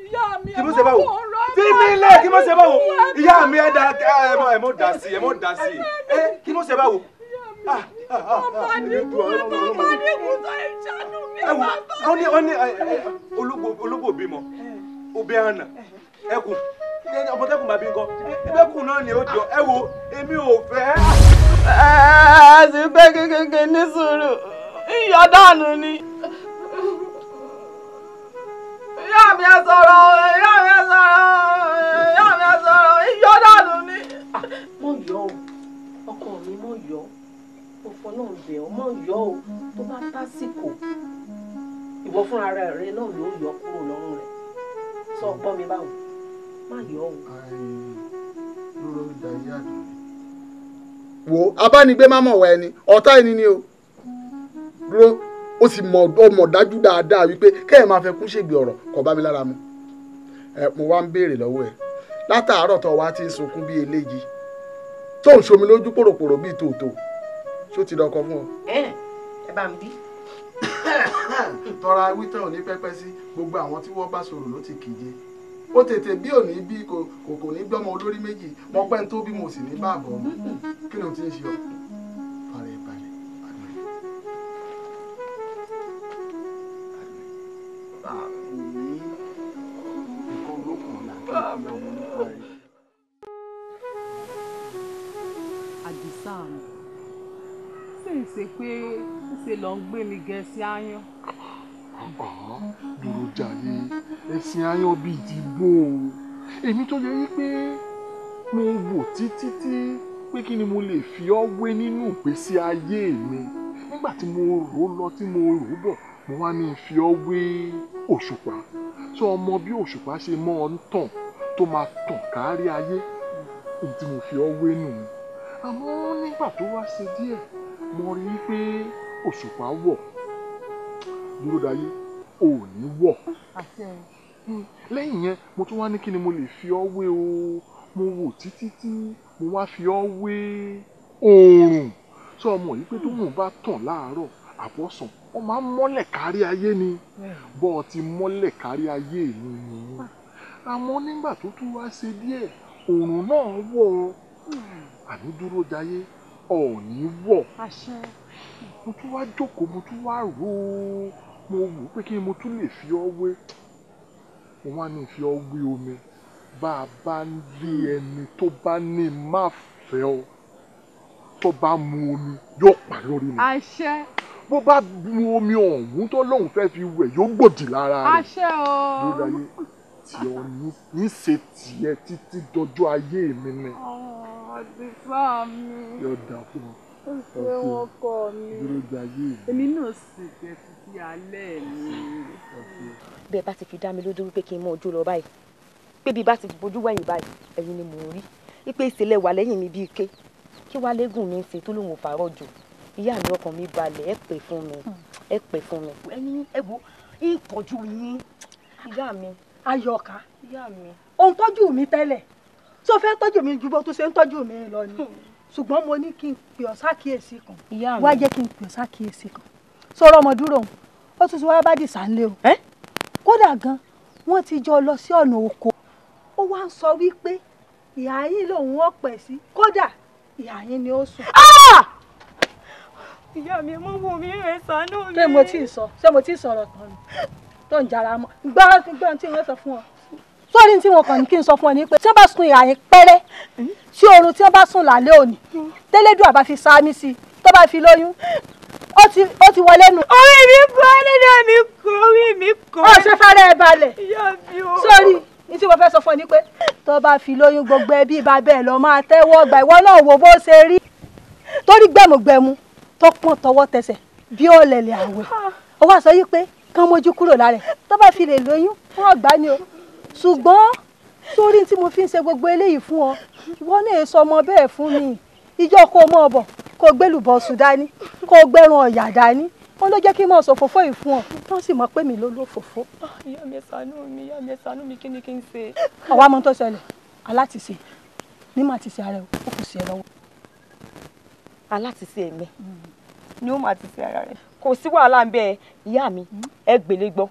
ìyá mi ẹ̀ mọ́ kó ń rọ́ ẹ̀ mi lẹ̀ kí mo ṣe báwo ìyá mi ẹ̀ da ẹ̀ mọ́ da sí ẹ̀ mọ́ da sí ẹ̀ eh, kí mo ṣe báwo. Ah, ah, ọmọ adigun ọmọ adigun tó ìṣàánú mi. ẹ wo ọ ní ológbò bímọ eh. obìnrin àná ẹkùn ọmọ tẹkùn bàbí nǹkan ẹkùn náà ni ó jọ ẹ wo èmi ò fẹ́. a sì fẹ́ kékeré ní sùúrù iyọ̀ dànù ni. ìyá mi ẹ sọ̀rọ̀ ìyá mi ẹ sọ̀rọ̀ ìyá mi ẹ sọ̀rọ̀ iyọ̀ dànù ni. mo yọ o ọkọ mi mo yọ o fọlọ́run bẹ̀ ọ́ mo yọ o tó bá tásìkò ìwọ fúnra rẹ náà ló yọ kúrò lọ́rùn rẹ̀ sọ gbọ́ mi báwọn má yọ o. wo abánigbé má mọ̀ wá ẹni ọ̀tá ẹni ni o dúró ó sì mọ̀ ọmọ dájú dáadáa wípé kẹ́ẹ̀ máa fẹ́ kú ṣègbè ọ̀rọ̀ kọ́ bá mi lára mu ẹ mo wá ń béèrè lọ́wọ́ ẹ látàárọ̀ tó wá ti ń sunkún bí eléyìí tó ń ṣomi lójú pòròpòrò bíi tòótò ṣó ti dọkọ fún ọ. ẹ ẹ bá mi bí tọ́ra wítọ̀ ní pẹ́pẹ́ sí gbogbo àwọn tí wọ́n bá sọ̀rọ̀ ló ti kìje ó tètè bí òní bí kò kò ní gbọ́mọ olórí méjì mo pẹ́ ń tó bí mo sì ní báàbọ̀ kí ni o ti ń ṣe ọ. balẹ̀ balẹ̀ àgbẹ̀. àmì nǹkan olókùn là ń lọ wọn nípa rẹ̀. àdìsá mi ṣèǹṣe pé ṣe lọ ń gbé mi gẹ sí áyán dúró jàre ẹ̀sìn ayan bíi ìdìbò èmi tó yẹ wípé mo wò títí tí pé kí ni mo lè fi ọ́ wé nínú ìgbésí ayé mi nígbà tí mo rò lọ tí mo rò ó mo wá ní fi ọ́ wé òṣùpá tó ọmọ bí òṣùpá ṣe mọ́ ọ ń tàn tó máa tàn kárí ayé ohun tí mo fi ọ́ wé nù àmọ́ nígbà tó wá ṣe díẹ̀ mo rí i pé òṣùpá wọ̀ dúró dayé ò ní wọ̀ lẹ́yìn yẹn mo tún wá ní kí ni mo lè fi ọ́ wé o mo wò títí tí mo wá fi ọ́ wé oòrùn sọ ọmọ yìí pé tó mò ń bá tàn láàárọ̀ àbọ̀sán wọ́n máa ń mọ́lẹ̀ kárí ayé ni bọ́ ọ ti mọ́lẹ̀ kárí ayé mi ni àmọ́ nígbà tó tún wá ṣe díẹ̀ oòrùn náà wọ̀ ọ́ àní dúró jayé ọ̀ọ́ni wọ̀ mo tún wá jókòó mo tún wá rò ó mo wò pé kí mo tún lè fi ọ́ wé mo wá ní fi ọ́ wé omi bá a bá lé ẹni tó bá ní má fẹ́ ọ tó bá mu omi yóò pa lórí mi. àṣẹ bó bá mu omi ọ̀hún tó lóun fẹ́ fi wẹ̀ yóò gbòdì lára rẹ̀. àṣẹ o. lóláyé tí ọ ní ní ṣe tiẹ̀ títí dọjọ́ ayé mi ni. àdìfá mi. yóò dà fún ọ. ó ṣe wọn kọ mi. dúró ayé mi. èmi náà sì bẹ̀rẹ̀ ìyálẹ̀ mi. bẹ́ẹ̀ bá ti fi dá mi lójú wípé kí n mọ ojú lọ báyìí pé bí bá ti bójú wẹ̀yìn báyìí ẹ̀yin ni mò ń rí wípé ìṣẹ̀lẹ̀ wà lẹ́yìn mi bíi ké kí wàá lẹ́gùn mi ń ṣe tó lóun ò fàárọ̀ jù ìyá mi ọkàn mi balẹ̀ ẹ pè fún mi ẹ pè fún mi. ẹ̀yin ẹ wo ìtọ́jú yín ìyá mi ayọ̀ká ìyá mi òun tọ́jú mi tẹ́lẹ̀ tó fẹ́ tọ́jú mi ju bó tó ṣe ń tọ́jú mi lọ ni ṣùgbọ́n mo ní kí n pè ọ́ sákìyèsí kan wá jẹ́ kí n pè ọ́ sákìyèsí kan sọ̀rọ̀ ọmọ dúró ó tún ti wá bá dìsá ńlẹ̀ o kódà gan wọ́n ti jọ lọ sí ọ̀nà oko ó wá ń sọ wípé ìyá yín lòun ó pẹ̀ sí kódà ìyá yín ni ó sùn. Ah! ìyá mi mú wù mí rè sànú mi. ṣé mo ti sọ ṣé mo ti sọ̀rọ̀ tán ni tó ń jara mọ́ gbọ́n tí gbọ́n tí wọ́n sọ fún ọ sórí tí wọn kàn ní kí n sọ fún ọ ní pé tí wọ́n bá sun ìyá yín pẹ́rẹ́ tí hmm? oorun tí wọ́n bá sùn lálẹ́ òní hmm? tẹ́lẹ́dùn àbá fi sáámi sí tó bá fi lóyún ó ti ó ti wọlé nù. orí mi kọ́ nínú mi kọ́ orí mi kọ́. ó ṣe fẹ́rẹ̀ ẹ balẹ̀. sórí ní tí mo fẹ́ sọ fún ẹ ni pé tó bá fi lóyún gbogbo ẹbí bàbá ẹ lọ máa tẹ́wọ́ gbà ìwọ náà wò bó ṣe rí torí gbẹ̀mùgbẹ̀mù tó pọ̀n tọwọ́ tẹsẹ̀ bí ó lẹ̀lẹ̀ àwẹ̀ ó wá sọ yí pé kán mójú kúrò lára ẹ̀ tó bá fi lè lóyún fún ọ̀gbá ni o ṣùgbọ́n sórí tí mo fi ń ṣe gbogbo eléyìí fún ọ ìwọ náà sọ ọmọ bẹ́ẹ̀ fún mi ìjọ kó o mọ ọbọ kó o gbẹlú bọ̀sùn dání kó o gbẹrun ọ̀yà dání wọn ló jẹ́ kí n mọ̀ sọ fòfó yìí fún ọ tó sì mọ̀ pé mi ló ló fòfó. Ah, ìyá mi ṣàánú mi ìyá mi ṣàánú mi kí ni kí n ṣe. àwa mọ tó ṣẹlẹ̀ alátìsí ní màá ti ṣe ara ẹ ó kù sí ẹ lọ́wọ́. alátìsí ẹ̀mẹ́ ni ó máa ti ṣe ara rẹ̀ kò sí wàhálà ń bẹ ìyá mi ẹ gbèlè gbọ́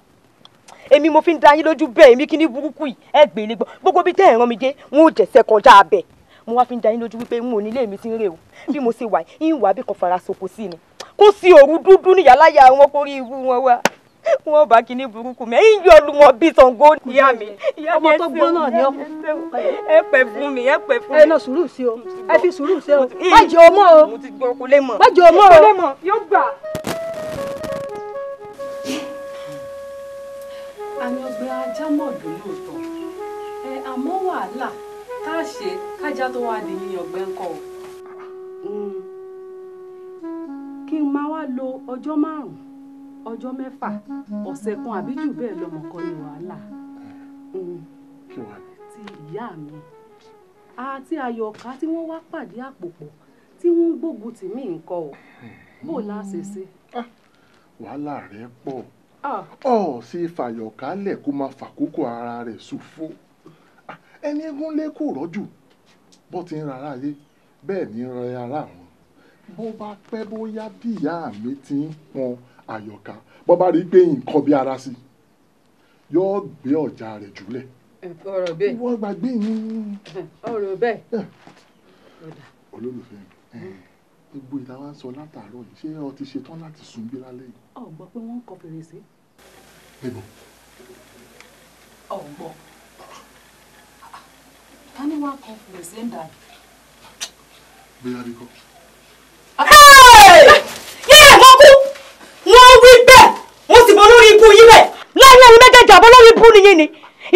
èmi mo fi ń da yín lójú bẹ́ẹ̀ èmi kí ni burúkú yìí ẹ gbèlè gbọ́ gbogbo bí tẹ́ ẹ̀ràn mi dé wọn ò jẹ̀sẹ̀ kọjá abẹ́ mo wá fi ń da yín lójú wípé n ò nílé mi ti ń rè o bí mo ṣe wà yín wà bí kan fara soko sí ni kó sí òru dúdú níyà láyà wọn kó rí irú wọn wá wọn bá kíní burúkú mi ẹ̀yin yọ lu wọn bíi Ṣàngó ìyá mi. ọmọ tó gbọ́ ni ọkọ. ẹ pẹ fún mi ẹ pẹ fún mi. ẹ lọ sùúrù sí o ẹ fi sùúrù sí o má ọmọ o má ọmọ o yóò gbà. àmì ọgbẹ́ ajá mọ̀ lóòótọ́ ẹ àmọ́ wàhálà tá a ṣe kájá tó wá di yíyan gbẹ́ńkọ́ o. Hmm. kí n máa wá lo ọjọ́ márùn-ún ọjọ́ mẹ́fà ọ̀sẹ̀ kan àbí jù bẹ́ẹ̀ lọ́mọ kan hmm. ní wàhálà. ti ìyá mi àti àyọ̀ká tí wọ́n wá pàdé àpòpọ̀ tí wọ́n ń gbógun tì mí nǹkan o bó la ṣe ṣe. Ah, wàhálà rẹ pọ̀ ah. ọ sì fàyọkálẹ kó máa fàkókò ara rẹ̀ ṣòfò ẹni egun lé kò rọ́jù bó ti ń ra ara yé bẹ́ẹ̀ ni ń ra ara wọn bó bá pẹ́ bóyá bí ìyá mi ti ń pọn àyọ̀ká bó bá rí i pé nǹkan bí ara sí yóò gbé ọ̀já rẹ̀ jùlẹ̀. ọ̀rọ̀ bẹ́ẹ̀ wọ́n gbàgbé yín. ọ̀rọ̀ bẹ́ẹ̀. olólùfẹ́ mi gbogbo ìta wa ń sọ látàárọ̀ yìí ṣé o ti ṣetán láti sùn bí lálẹ́ yìí. ọ̀gbọ́n pé wọ́n ń kọ fèrèsé. níbo. ọ̀gbọ́n ta ni wá confidence ẹ̀ ń dà. bóyá bí kọ́. yé wọ́n kú wọ́n wí bẹ́ẹ̀ wọ́n sì bọ́ lórí ikú yín bẹ́ẹ̀. láàrin ẹ̀yin méjèèjì àbọ̀ lórí ikú nìyí ni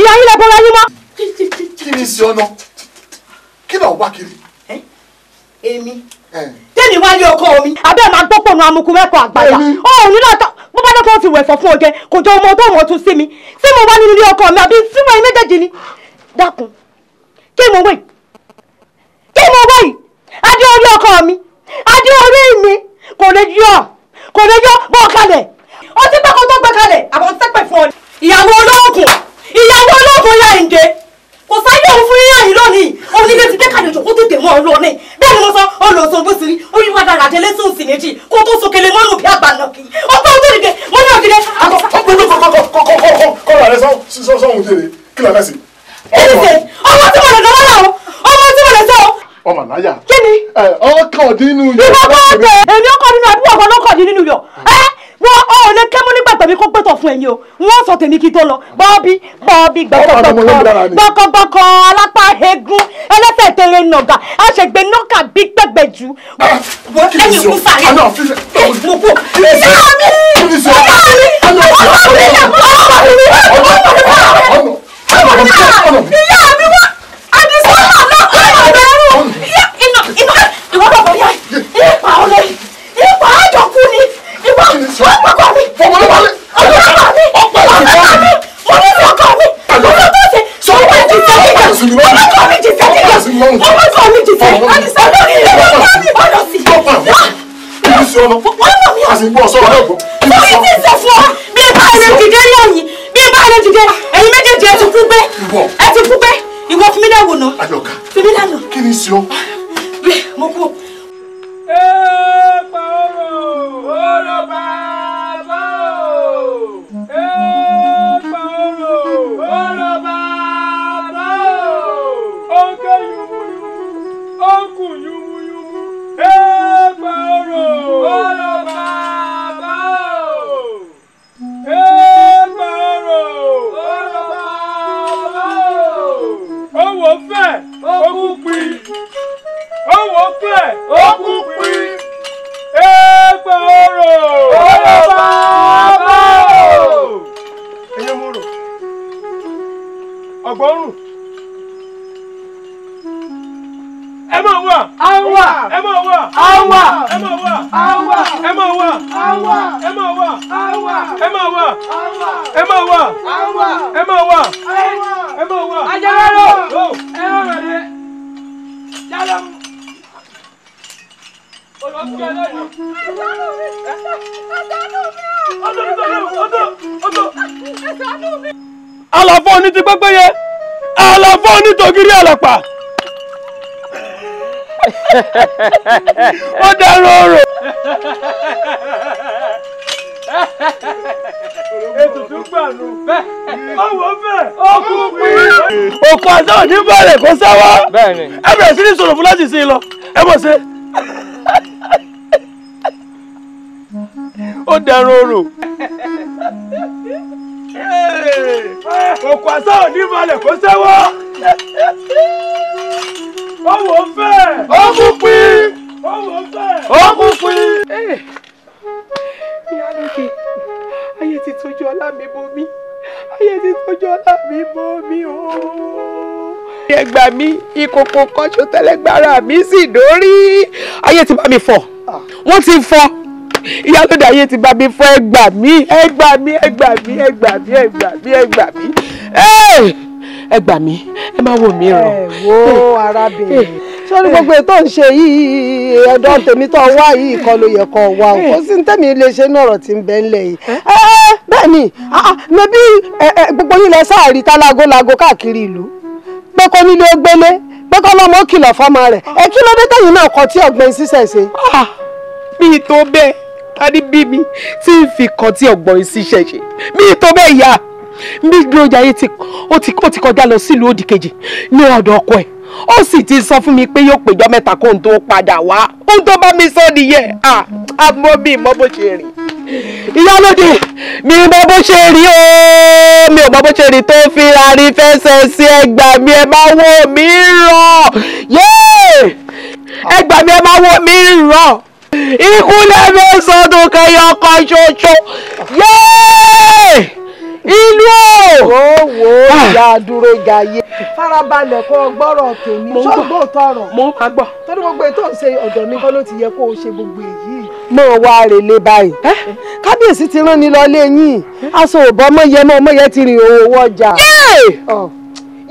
ìyá yín lẹ bọ́ra yín mọ́. kí ni sí ọ̀nà kí ló wá kiri. èmi tẹ́lẹ̀ wá lé ọkọ mi. abẹ́ẹ̀ máa gbọ́ pọ̀nù amukú mẹ́kọ̀ọ́ àgbàlá ọ̀hún nílò àtọ́ bó bá dọ́kọ̀ fi wẹ̀fọ̀ fún ọjẹ́ kò jọ ọmọ tó mọ̀ tún sí mi tí mo wá nínú ilé ọkọ mi àbí tí mo ẹ méjèèjì ni dákun kí mo wéyìí kí mo wéyìí adé orí ọkọ mi adé orí mi kò lè yọ kò lè yọ bọ́ kalẹ̀ ó ti gbàgbọ́ tó gbẹ kalẹ̀ àwọn sẹ́pẹ̀ fún ọ. ìyàwó olóògùn ìyàwó olóògùn ya ìdè kò sáyé òun fún yíyá yìí lónìí òun nílé ti dé kalẹ̀ jù kó tètè mọ́ ọ lọ ní bẹ́ẹ̀ ni mo sọ ó lọ sọ bó sì rí ó yí wá dára délé sí òsì méjì kó tó so kele mọ́nù bí àgbà náà kì í ó gbọ́ òjò dìde mo ní òjìdẹ. kọ́kọ́ kọ́kọ́ kọ́kọ́ kọ́kọ́ kọ́kọ́ ẹnìṣe ọmọ tí mo lè dánwó náà ọmọ tí mo lè sọ. ọmọ àláyà. kí ni. ẹ ọkàn dín nínú yọ. ìwọ bá ọdẹ èmi ọkọ nínú àbí ọkọ lọkọ dín nínú yọ. ẹ wọn ọ ò lè kẹ́mú nígbà tẹ̀mí kó gbẹ̀tọ̀ fún ẹ̀yin o wọ́n sọ tèmi kí tó lọ bọ́ọ̀bì bọ́ọ̀bì gbọ̀kọ̀gbọ̀kọ̀ alápá eegun ẹlẹ́sẹ̀ tẹ̀lé nàgà àṣègbè nọ́kà bí gbẹ̀gbẹ̀ jù. ẹyin kú sáré mo kú ìyá mi ìyá mi ọmọ mi ọmọ mi ọmọ mi ìyá mi wá àdìsá náà lọ́kọ̀ọ́ ìbẹ̀rù iná iná ìwọ náà bọ̀ yá ipa ọ̀lẹ́ ipa àjọkú ni ìwọ wọ́n pàkọ́ mi ọ̀pọ̀ mi ọ̀pọ̀ mi ọ̀pọ̀ mi mo ní lọ́kọ̀ mi mo ní tó ṣe sọ̀rọ̀ mi ti tẹ̀ nígbà ọlọ́kọ̀ mi ti tẹ̀ nígbà ọlọ́kọ̀ mi ti tẹ̀ àdìsá lórí ìwọ náà mi bọ̀dọ̀ sí wọ́n mọ̀ mi ọ̀sán mo ní ti sẹ̀ fún ọ bí ipa rẹ̀ dìde lẹ́yìn báwo ló dìde ẹ̀yin méjèèjì ẹ ti kú pé ẹ ti kú pé ìwọ fún mi náà wò ná fún mi kí ni sí mo kú. ẹ pa ọ̀rọ̀ ọ̀rọ̀ pẹ́ ogún pin owó pẹ́ ogún pin ẹgbẹ́ oró oró bàbá o. ẹyẹ mo rò ọgbọ́n rùn. ẹ máa wà. a ń wà. ẹ máa wà. a ń wà. ẹ máa wà. a ń wà. ẹ máa wà. a ń wà. ẹ máa wà. a ń wà. ẹ máa wà. ẹ máa wà. a ń wà. ẹ máa wà. ẹ máa wà. ajẹ́rẹ́ lò. ẹ rán rẹ̀ dé. jálọ. olùkọ́ ẹ lọ́dún. àjálù mi. àjálù mi. ọdún ọdún ọdún ọdún. àlàfo ní ti pẹ́pẹ́yẹ àlàfo ní tògiri àlàpà ó dárò rò. ètùtù gbàlù ọwọ́ bẹ́ẹ̀ ọkùn pín. òkú àtàwọn ní bẹ̀rẹ̀ kó sáwá ẹ bẹ̀rẹ̀ sí ní sọ̀rọ̀ fún láti sin lọ ẹ bọ̀ ṣe. ó dárò rò òkú àtàwọn ní balẹ̀ kó sáwá owó fẹ́. ó kú pín. owó fẹ́. ó kú pín. Eh! ìyá lókè ayé ti tójú ọlá mi bò mí ayé ti tójú ọlá mi bò mí o. ẹ gbà mí ìkòkò kọ́ṣù tẹ́lẹ́gbára mi sì dórí ayé ti bá mi fọ́ ah. wọ́n ti fọ́ ìyálóde ayé ti bá mi fọ́ ẹ gbà mí ẹ gbà mí ẹ gbà mí ẹ gbà mí ẹ gbà mí ẹ gbà mí. Eh! ẹ gbà mí ẹ má wò mí ràn. ẹ wo arábìnrin ṣé eh, ní gbogbo ètò ń ṣe yìí ọ̀dọ̀ tèmi tó wá yìí kọ́ ló yẹ kó wá o kò sí tèmi lè ṣe ní ọ̀rọ̀ tí ń bẹ ńlẹ̀ yìí. Eh? Eh, bẹ́ẹ̀ ni ah, ah, mẹ́bí gbogbo yín lẹ sáàrí tálágó lago káàkiri ìlú pé kó nílé ó gbélé pé kó lọ́mọ ó kìlọ̀ fọ́mọ rẹ̀ ẹ ah. kí ló dé tẹ̀yìn náà kọ tí ọ̀gbẹ́ni sísẹ̀ ṣe. mi ì tó bẹ́ẹ̀ tani bí mi tí ń fi kan tí ọ̀gbọ́n ìṣiṣẹ́ ṣe mi ì tó bẹ́ẹ̀ yá gbígbé ọjà yìí ti ó ti ó ti kọjá lọ sílùú òdì ní ọ̀dọ̀ ọkọ ẹ̀ ó sì ti sọ fún mi pé yóò péjọ mẹ́ta kó n tó padà wá ohun tó bá mi sọ nìyẹn àmọ́ mi mọ bó ṣe rìn ìyálóde mi mọ bó ṣe rí o mi ò mọ bó ṣe rí tó fi rárí fẹsẹ̀ sí ẹgbà mi ẹ máa wo mi rọ yéè ẹgbà mi ẹ máa wo mi rọ ikú lẹ́mẹ̀ẹ́sọ̀dún kẹyọ kan ṣoṣo yéè ìlú o. wo wo ah. ìyá dúró gàyé farabalẹ̀ kó gbọ́rọ̀ tèmi ṣọ́gbó tọrọ. mo máa gbọ́. torí gbogbo ètò ìṣe ọ̀dọ̀ mi kọ́ ló ti yẹ kó o ṣe gbogbo èyí. mo wá relé báyìí kábíyèsí ti rán ni lọ lẹ́yìn aṣọ òbọ̀ mọ́yẹ mọ́ mọ́yẹ ti rìn owó ọjà.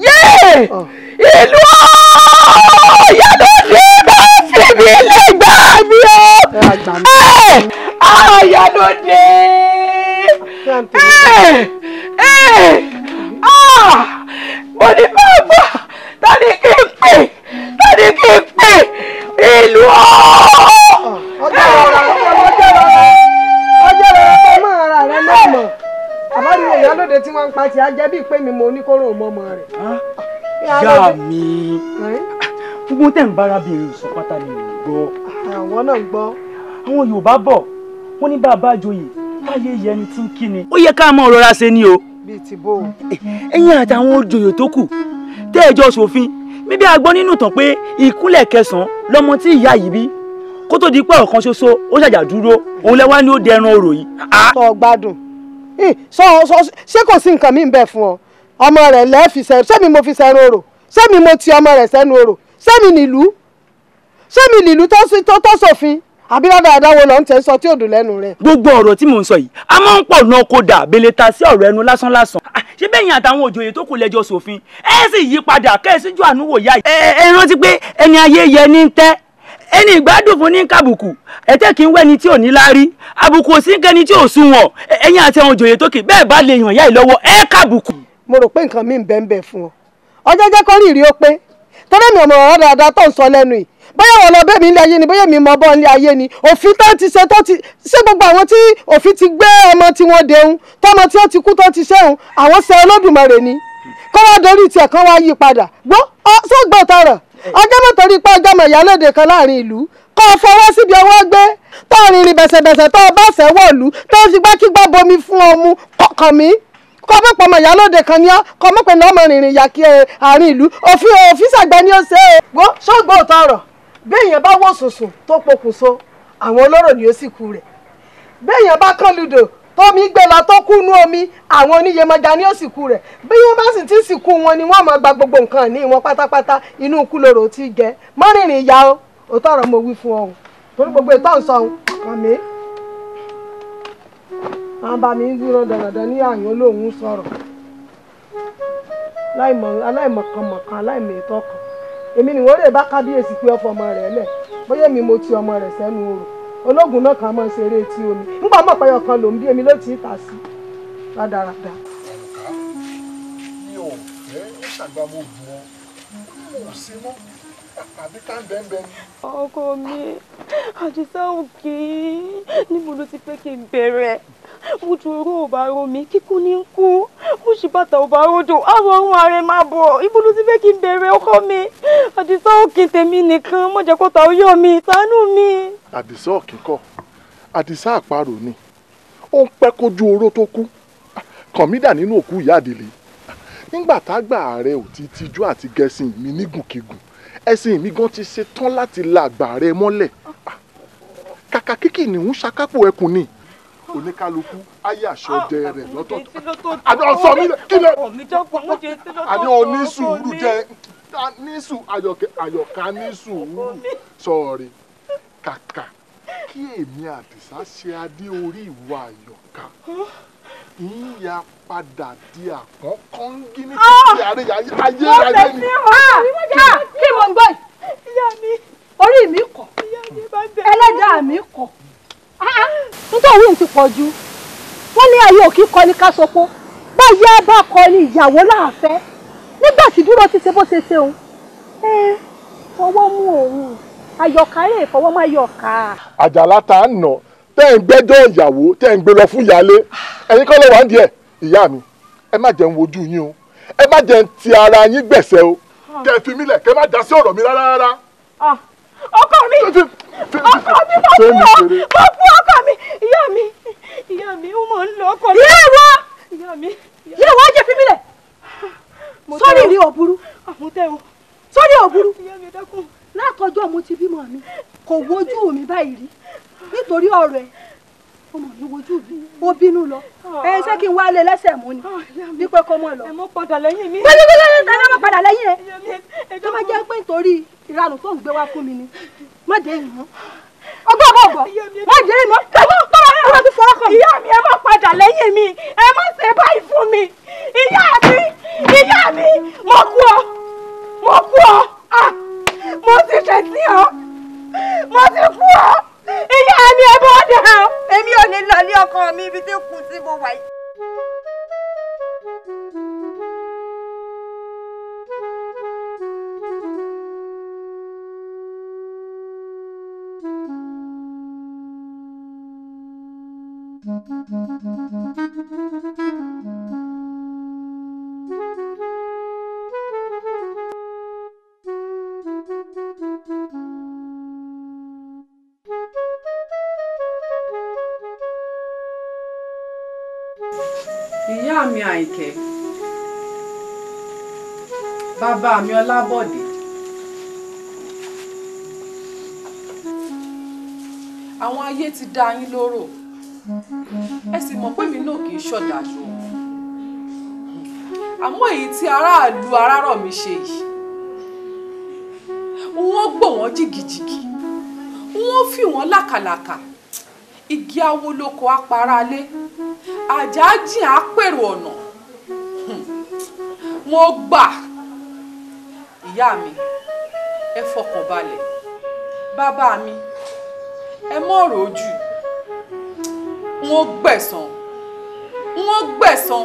yéè ìlú o yàtọ̀ sí bá fi mi lè gbà mí o. àyà ló dé mo ní máa gbọ́ tani kí n pè tani kí n pè ìlú ọjọ́ ọ̀la ọjọ́ ọ̀la ọjọ́ ọ̀la ọjọ́ máa ra rẹ náà mọ̀ àbárí ìyá lóde tí wọ́n ń pa ti ajẹ́ bíi pé mi mo ní kóró ọmọ rẹ̀. Ah, ah, yá mi gbogbo tẹ̀ ń bára bí èrò sọ pátá ni mo gbọ́. Ah, àwọn náà ń gbọ́. àwọn Yorùbá bọ̀ wọ́n ní bá a bá joyè láyé yẹni tí ń kí ni. ó yẹ ká mọ rọra ṣe ni o. bíi ti bó o. àtàwọn òjòyè tó kù tẹ́ ẹ bíbí a nínú ìtàn pé ìkúnlẹ̀ kẹsàn-án lọ́mọ tí ìyá yìí bí kó tó di pé ọ̀kan ṣoṣo ó ṣàjà dúró òun lẹ́wà ni ó di ẹran yìí. sọ gbádùn ṣé kò sí nǹkan mi ń bẹ fún ọ ọmọ rẹ̀ lẹ́ẹ̀fì sẹ́mi mo fi sẹ́nu orò sẹ́mi mo ti ọmọ rẹ̀ sẹ́nu orò sẹ́mi nìlú sẹ́mi nìlú tó sófin àbí dáadáa dáwọ lọ ń tẹ sọ tí ò dùn lẹ́nu rẹ. gbogbo ọ̀rọ̀ tí mò ń sọ yìí a máa ń pọ̀ náà kó dà bèlè ta sí ọ̀rọ̀ ẹnu lásán lásán. ṣé bẹ́ẹ̀ yẹn àtàwọn òjòyè tó kù lẹ́jọ́ sòfin ẹ sì yí padà kẹ́ ẹ síjú àánúwò yá yìí. ẹ ẹ rántí pé ẹni ayé yẹ ní tẹ́ ẹni ìgbádùn fún ní kàbùkù ẹ̀tẹ́ kì í wẹ́ni tí ò ní láárí àbùkù ò sí kẹ́ni tí ò sunwọ̀n ẹ̀yin àti àwọn òjòyè tó kì bẹ́ẹ̀ bá lè yàn yá ìlọ́wọ́ ẹ kàbùkù. mo rò pé nǹkan mi ń bẹ́ẹ̀ bẹ́ẹ̀ fún ọ ọjọ́ jẹ́ kọ́rí ìrí ó pé torí mi ọ̀rọ̀ dáadáa tó ń sọ lẹ́nu yìí bóyá wọn lọ bẹ́ẹ̀ mi ilé ayé ni bóyá mi mọ bọ́ ilé ayé ni òfin tó ti ṣe tó ti ṣe gbogbo àwọn tí òfin ti gbé ọmọ tí wọ́n dẹ̀hún tọmọ tí ó ti kú tó ti ṣẹ́hún àwọn ṣe olódùmarè ni kọ́ wá dorí tiẹ̀ kan wá yí padà gbọ́ sọ́gbọ́n tọrọ ọjọ́ mọ̀tò rí pé ọjọ́ mọ̀ ìyálòde kan láàrin ìlú kọ́ ọ fọwọ́ síbi ọwọ́ gbé tó rìnrìn bẹ̀sẹ̀bẹ̀sẹ̀ tó bá sẹ́wọ̀lú tó fi gbákígbá bomi fún ọmú kọ̀ọ̀kan mi kọ́ mọ̀ pọ̀ mọ̀ ìyálòde kan ní ọ́ kọ́ mọ̀ pẹ̀lú ọmọ rìnrìn yàkí àárín ìlú òfin òfin ṣàgbẹ́ ni ó ṣe é gbọ́ sọ́gbọ́n tọrọ béèyàn bá wò sùnsùn tó pokùnso àwọn olóró ni ó sì kú rẹ̀ béèyàn bá kán ludò tómi gbé lọ tó kú nú omi àwọn oníyèmọ̀já ni ó sì kú rẹ̀ bí wọ́n bá sì ti sìnkú wọn ni wọ́n máa gba gbogbo nǹkan ní wọn pátápátá inú ikú lorò tí gẹ mọ́rìnrìn ìyá o òótọ́ ọ̀rọ̀ mo wí fún ọ̀hún torí gbogbo ètò ọ̀sán ọ̀hún màmí àwọn bá mi ń dúró dandan ní àyàn olóhùn sọ̀rọ̀ aláìmọ̀kànmọ̀kàn aláìmọ̀ ètò ọkàn èmi ni wọ́n rè bá kábíyèsí pé ọkọ ọmọ rẹ lẹ bóyá èmi mo ti ọmọ rẹ sẹ́nu oòrùn ológun náà kàn máa ń ṣeré etí omi nígbà ya pé ọkàn lòún bí èmi ló ti tà sí mi ò àbí tá ń bẹ́ẹ̀ bẹ́ẹ̀ ni. ọkọ mi àdìsá òkè níbo ló ti pé kí n bẹ̀rẹ̀ mo ju oró ò bá ro mi kíkú ní kú mo sì bàtà ò bá rodò àwọn ohun ààrẹ máa bọ̀ ibo ló ti pé kí n bẹ̀rẹ̀ ọkọ mi àdìsá òkè tèmi nìkan mo jẹ́ kó ta oyó mi ṣàánú mi. àdìsá òkè kọ àdìsá àparò ni ó ń pẹ́ kójú oró tó kú kàn mí dà nínú òkú ìyá àdìlẹ̀ nígbà tágbà ààrẹ ò ti àti gẹ̀ẹ́sìn mi nígùnkigùn ẹ̀sìn mi gan ti ṣe tán láti la àgbà rẹ mọ́lẹ̀ ah, kàkà kíkì ní ń ṣakápò ẹkùn ni oníkálukú ayé àṣọdẹ ah, rẹ ah, lọ́tọ̀ọ̀tọ̀ àdó sọ mí kílẹ̀ àdó ní sùúrù jẹ ní sùúrù àyọ̀ká ní sùúrù sọ̀rí kàkà kí èmi àdìsá ṣe adé orí ìwà àyọ̀ká ń ya padà di àkọ́kọ́ngí ní ah! títí ayérayé ni. mo fẹ́ sí ha ah! ah! kí mo gbọ́ yìí orí mi kọ̀ ẹlẹ́dàá mi kọ̀ nítorí òun ti pọ̀ jù wọ́n ní ayé òkì kọ́ ní kásopo báyìí á bá kọ́ ní ìyàwó láàfẹ́ nígbà tí dúró ti ṣe bó ṣe ṣe òun fọwọ́ mú òun ayọ̀ká lè fọwọ́ má yọ̀ká. àjàlá ta ń nà. No tẹ́ ń gbẹ́jọ́ ìyàwó tẹ́ ń gbé lọ fún ìyáálé ẹ̀yin kọ́ ló wà ń díẹ̀ ìyá mi ẹ má jẹun wojú yín o ẹ má jẹun ti ara yín gbẹ̀sẹ̀ o kẹ́ ẹ fi mí lẹ̀ kẹ́ ẹ má dá sí ọ̀rọ̀ mi rárá rárá. Ah, ọkọ mi ọkọ mi mo fún ọ mo fún ọkọ mi ìyá mi ìyá mi ó mọ̀ ń lọ ọkọ mi. ìyá ìwọ ìyá ìwọ jẹ fi mí lẹ̀ sórí rí òbúrú sórí òbúrú látọjọ́ mo ti bímọ mi kò wojú mi báyìí rí nítorí ọ̀rọ̀ ẹ ọmọ mi wojú mi ó bínú lọ ẹ ṣé kí n wá lé lẹ́sẹ̀ mú ni bí pé kó mọ̀ lọ. ẹ mọ padà lẹ́yìn mi. wọ́n ti gbé lẹ́yìn tàbí ọmọ padà lẹ́yìn ẹ tó máa jẹ́ pé nítorí ìranù tó ń gbé wá fún mi ni má dé yìí mọ́ ọgbọ́n bọ̀ bọ̀ má dé yìí mọ́ tọ́wọ́ tọ́wọ́ ẹ wọ́n ti fọwọ́ kàn mí. ìyá mi ẹ má padà lẹ́yìn mi ẹ má ṣe báyìí fún mi ìyá mi ìyá mi mo kú ọ mo kú ọ ah, mo ti ṣẹ̀ sí ọ mo ti kú ọ ìyá mi ẹ bọ́dà èmi ò ní lọ ní ọkọ mi ibi tí kù sí mo wà yìí. Thank you. mi àìkẹ́ bàbá mi ọlábọ̀dé àwọn ayé ti dá yín lóró ẹ sì mọ̀ pé mi náà kì í ṣọ̀dájú àmọ́ èyí tí aráàlú arárọ̀ mi ṣe yìí wọ́n gbò wọ́n jìgìjìgì wọ́n fi wọ́n làkàlàkà igi awoloko aparalé àjájìn àpèrò ọ̀nà hmm. mo gbà ìyá mi ẹ fọkàn balẹ̀ bàbá mi ẹ mọ̀ rojú wọ́n gbẹ̀san wọ́n gbẹ̀san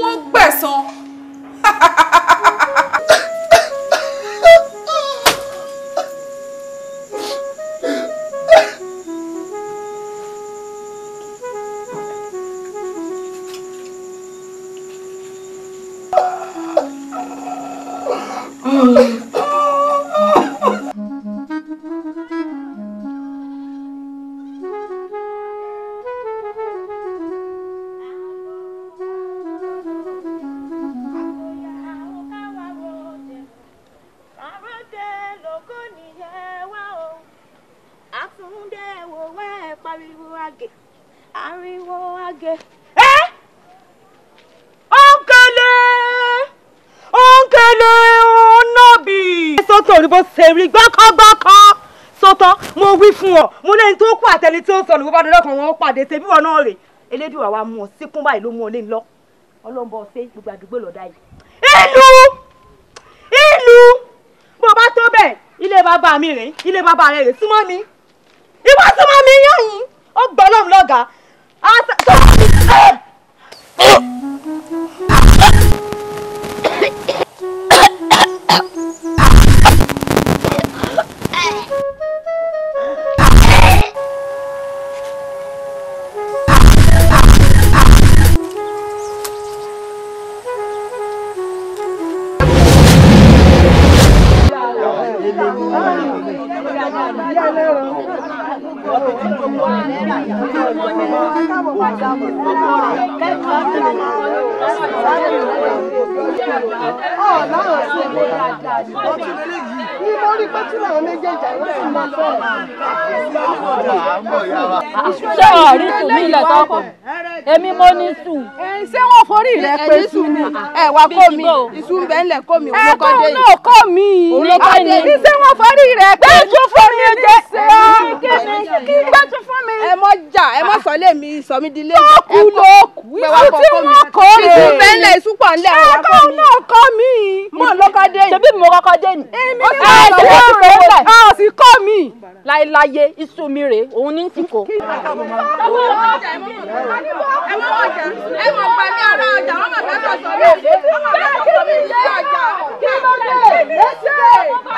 wọ́n gbẹ̀san ariwo àgè ariwo àgè. ẹ ọ̀nkẹ́lẹ́ ọ̀nkẹ́lẹ́ ọ̀nàbì. sọ́tọ̀ ni mo ṣe rí gbọ́kọ́gbọ́kọ́ sọ́tọ̀ mo wí fún ọ mo lẹ́ni tó kú àtẹni tí ó sọnù bó bá dọ́dọ́ kan wọn pàdé tèmi wọn náà rè elédùn àwa mú ọ síkún báyìí ló mú ọ lé lọ ọlọ́mbọ ṣe gbogbo àdúgbò lọ́dá yìí. ìlú ìlú bó bá tó bẹ̀ ilé bàbá mi rèé ilé bàbá rẹ̀ rèé súnmọ́ mi ìwọ súnmọ́ mi yàn yín ó gbọ́ ọlọ́run lọ́gàá. Ah! wá kó mi ìṣú ń bẹ́ńlẹ̀ kó mi òun ló kọ́ dé yìí. ẹ̀kọ́ náà kọ́ mi. òun ló kọ́ dé yìí. iṣẹ́ wọn fọ́rí rẹ̀ pé gbẹ́jú fún mi ẹ̀jẹ̀ ṣe ọ́ kí gbẹ́jú fún mi. ẹ mọ jà ẹ mọ sọ lé mi sọ mi di lé mi. ọkù ló kù ìlú tí wọn kọ rè é ìlú bẹ́ńlẹ̀ ìsúpọ̀ ńlẹ̀ ọ̀rọ̀ kọ́ mi. ṣé ọkọ náà kọ́ mi. mo lọ kọ́ dé ni. ṣebí mo kọ́kọ́ dé ni. èmi ni mo lọ wọ́n rẹ̀ ọ̀ sì kọ́ mi. láéláyé iṣu mi rèé òun ní ti kò.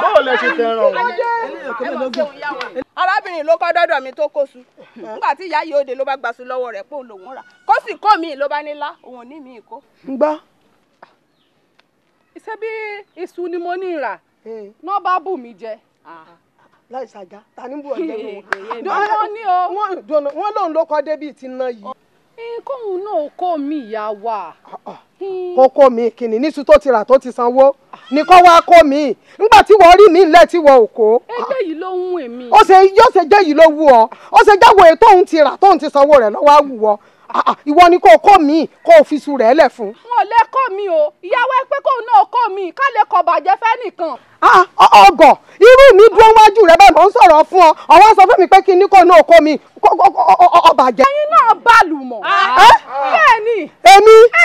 báwo lẹ ṣe tẹ ẹran o arábìnrin ló kọ́ dọ́dọ̀ mi tó kó su hmm. nígbà tí ìyá yìí òde ló bá gbaṣu lọ́wọ́ rẹ̀ pé òun lòún rà kó sì kó mi ló bá nílá òun ò ní mi kó. ń gbọ́. iṣẹ́ bí iṣu ni mo ní ìrà eh. náà bá bù mí jẹ ah. láì ṣàjá ta ní bù ọjọ́ ìwọ̀n. dandan wọ́n lòun ló kọ́ débi ti ná yìí. kóhun náà kó mi ìyá wa. Ah, ah kó kó mi kìnnì níṣu tó ti rà tó ti sanwó ni kó wá kó mi nígbà tí wọ́n rí mi nílẹ̀ tí wọ́n ò kó. ẹgbẹ́ yìí ló ń wù mí. ó ṣe yóò ṣe jẹ́ yìí ló wù ọ́ ó ṣe jáwọ́ èyí tóun ti rà tóun ti sanwó rẹ̀ lọ́wọ́ á wù ọ́ ah, ah, ìwọ ni kò kó mi kò fi su rẹ̀ lẹ̀ fún. wọn ò lè kó mi o ìyàwó ẹ pé kóun náà kó mi ká lè kọ bàjẹ́ fẹ́ nìkan. Ah, ọgọ irú mi dúró wájú rẹ báyìí mò ń sọ̀rọ̀ fún ọ ọwọ́ sọ fún mi pé kí ni kò náà kó mi ọbàjẹ́. ẹyin náà bàlù mọ́. bẹ́ẹ̀ ni. èmi. ẹ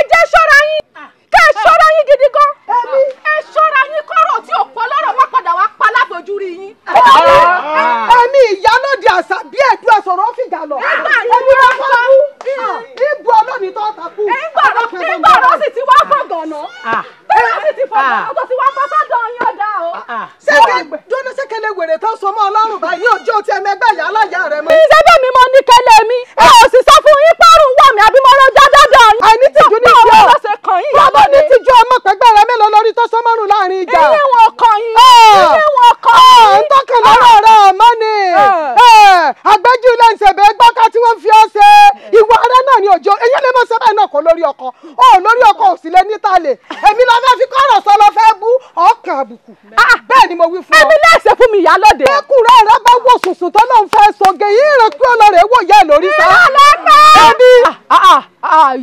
ìyálòdè. ẹkùnrin rẹ bá wò sùsùn tó lóun fẹ́ sọ̀gẹ̀ yìí rẹ kí ọlọ́rẹ̀ wò yẹ lórí sá. ìrọ̀lẹ́ pẹ́. ẹbí.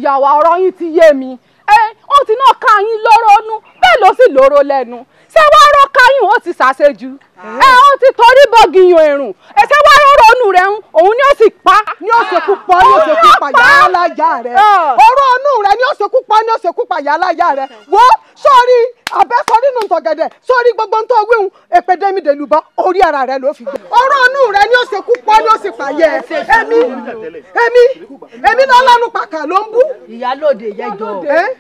ìyàwó ọ̀rọ̀ yín ti yé mi ó ti náà ká yín lóró nú bẹ́ẹ̀ ló sì lóró lẹ́nu ṣé wàá rọ káyùn ó ti ṣàṣejù ah. ẹ ó ti torí bọ́gìyàn ẹ̀rùn ẹ wàá rọrọ ọnù rẹ ń òun ni ó sì pa. ni ó ṣe kú pa ni ó ah. ṣe kú pa yàláyà rẹ ọ̀rọ̀ ọnù ah. rẹ ni ó ṣe kú pa ni ó ṣe kú pa yàláyà rẹ wo sórí abẹ́sọ nínú tọ̀gẹ̀dẹ̀ sórí gbogbo ń tó wíhun ara rẹ ló fi gbẹ. ọ̀rọ̀ inú rẹ ni ó ṣe kú pọ́ ni ó ṣe pàyẹ ẹ̀mí ẹ̀mí ẹ̀mí náà lọ́nu pàkà ló ń bú. ìyálòde yẹjọ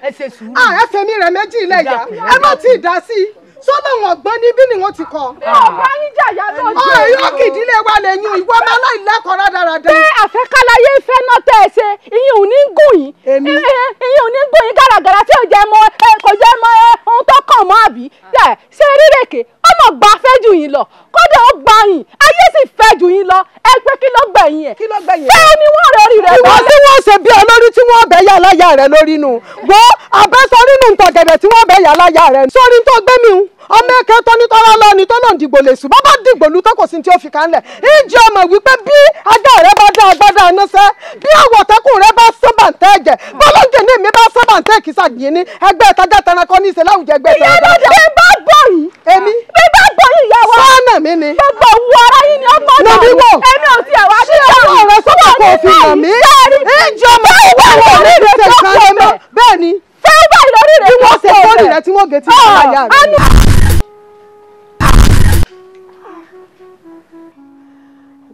ẹ ṣe sùúrù. à ah, ẹ fẹmi rẹ méjì ilẹ̀ ìyá ẹ má tí dá sí i sọ́dọ̀ wọn gbọ́n níbí ni wọ́n ti kọ́. mi yín jà yá lọ́jọ́. ọ̀rọ̀ ah, yóò kìdílé wa lè yún ìwọ ọmọ aláìlẹ́kọ̀ọ́ rádaràda. rẹ lórí nu wo àbẹ́sọrí nù ntọ̀gẹ̀dẹ̀ tí wọ́n bẹ̀ yà láyà rẹ sórí tó gbé mi ọmọ ẹ̀kẹ́ tọ́nítọ́lá lọ́ni tó lọ́n dìgbò lè sùn bá bá dìgbò lu tó kò sí tí ó fi kánlẹ̀ ìjì ọmọ wípé bí ajá rẹ bá dá agbádá anáṣẹ́ bí àwọ̀tẹ́kùn rẹ bá sán bàǹtẹ́ ẹ̀jẹ̀ bọ́lọ́jẹ ní èmi bá sán bàǹtẹ́ ìkísà yìí ní ẹgbẹ́ ìtajà tẹranko ní ìṣẹ̀lẹ̀ àwùjẹ ẹgbẹ́ ìtajà. ìyá ló dé bá bọ̀ yìí. èmi. bí bá bọ̀ yìí ìyá wa. sọ́ọ̀nà mi ni. gbogbo òwú ara yín ni ọmọ náà. nàbí wò. ìyá mi.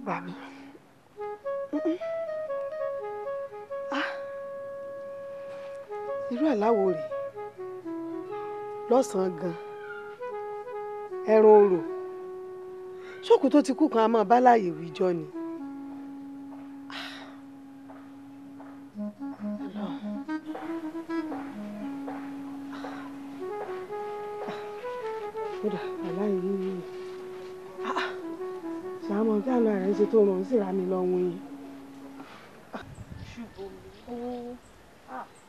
gbà mí. Ah. irú àláwo rè lọ́sàn-án gan ẹran orò ṣókùn tó ti kú kan a máa bá láàyè wíjọ ni. ń ṣe tó rùn sí ra mi lọ́wọ́ yín.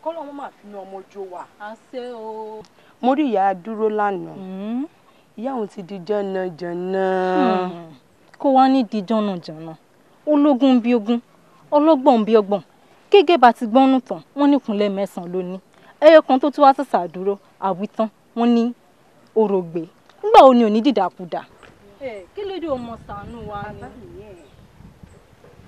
kọ́lọ́ wọn máa fi nu ọmọ ojú wa. mo rí ìyá dúró lánàá hmm. ìyá òun ti di jànàjànà. Hmm. kó wá ní di jànàjànà ológun bíi ogun ọlọ́gbọ̀n bíi ọgbọ̀n gẹ́gẹ́ bá ti gbọ́nù tán wọ́n ní ìkúnlẹ̀ mẹ́sàn-án ló ní ẹyọ kan tó tún wá sàṣà dúró àwítán wọ́n ní òrògbé nígbà wo ni ò ní dìdàkudà. Eh, kí ló o mọ ṣàánú wa ni.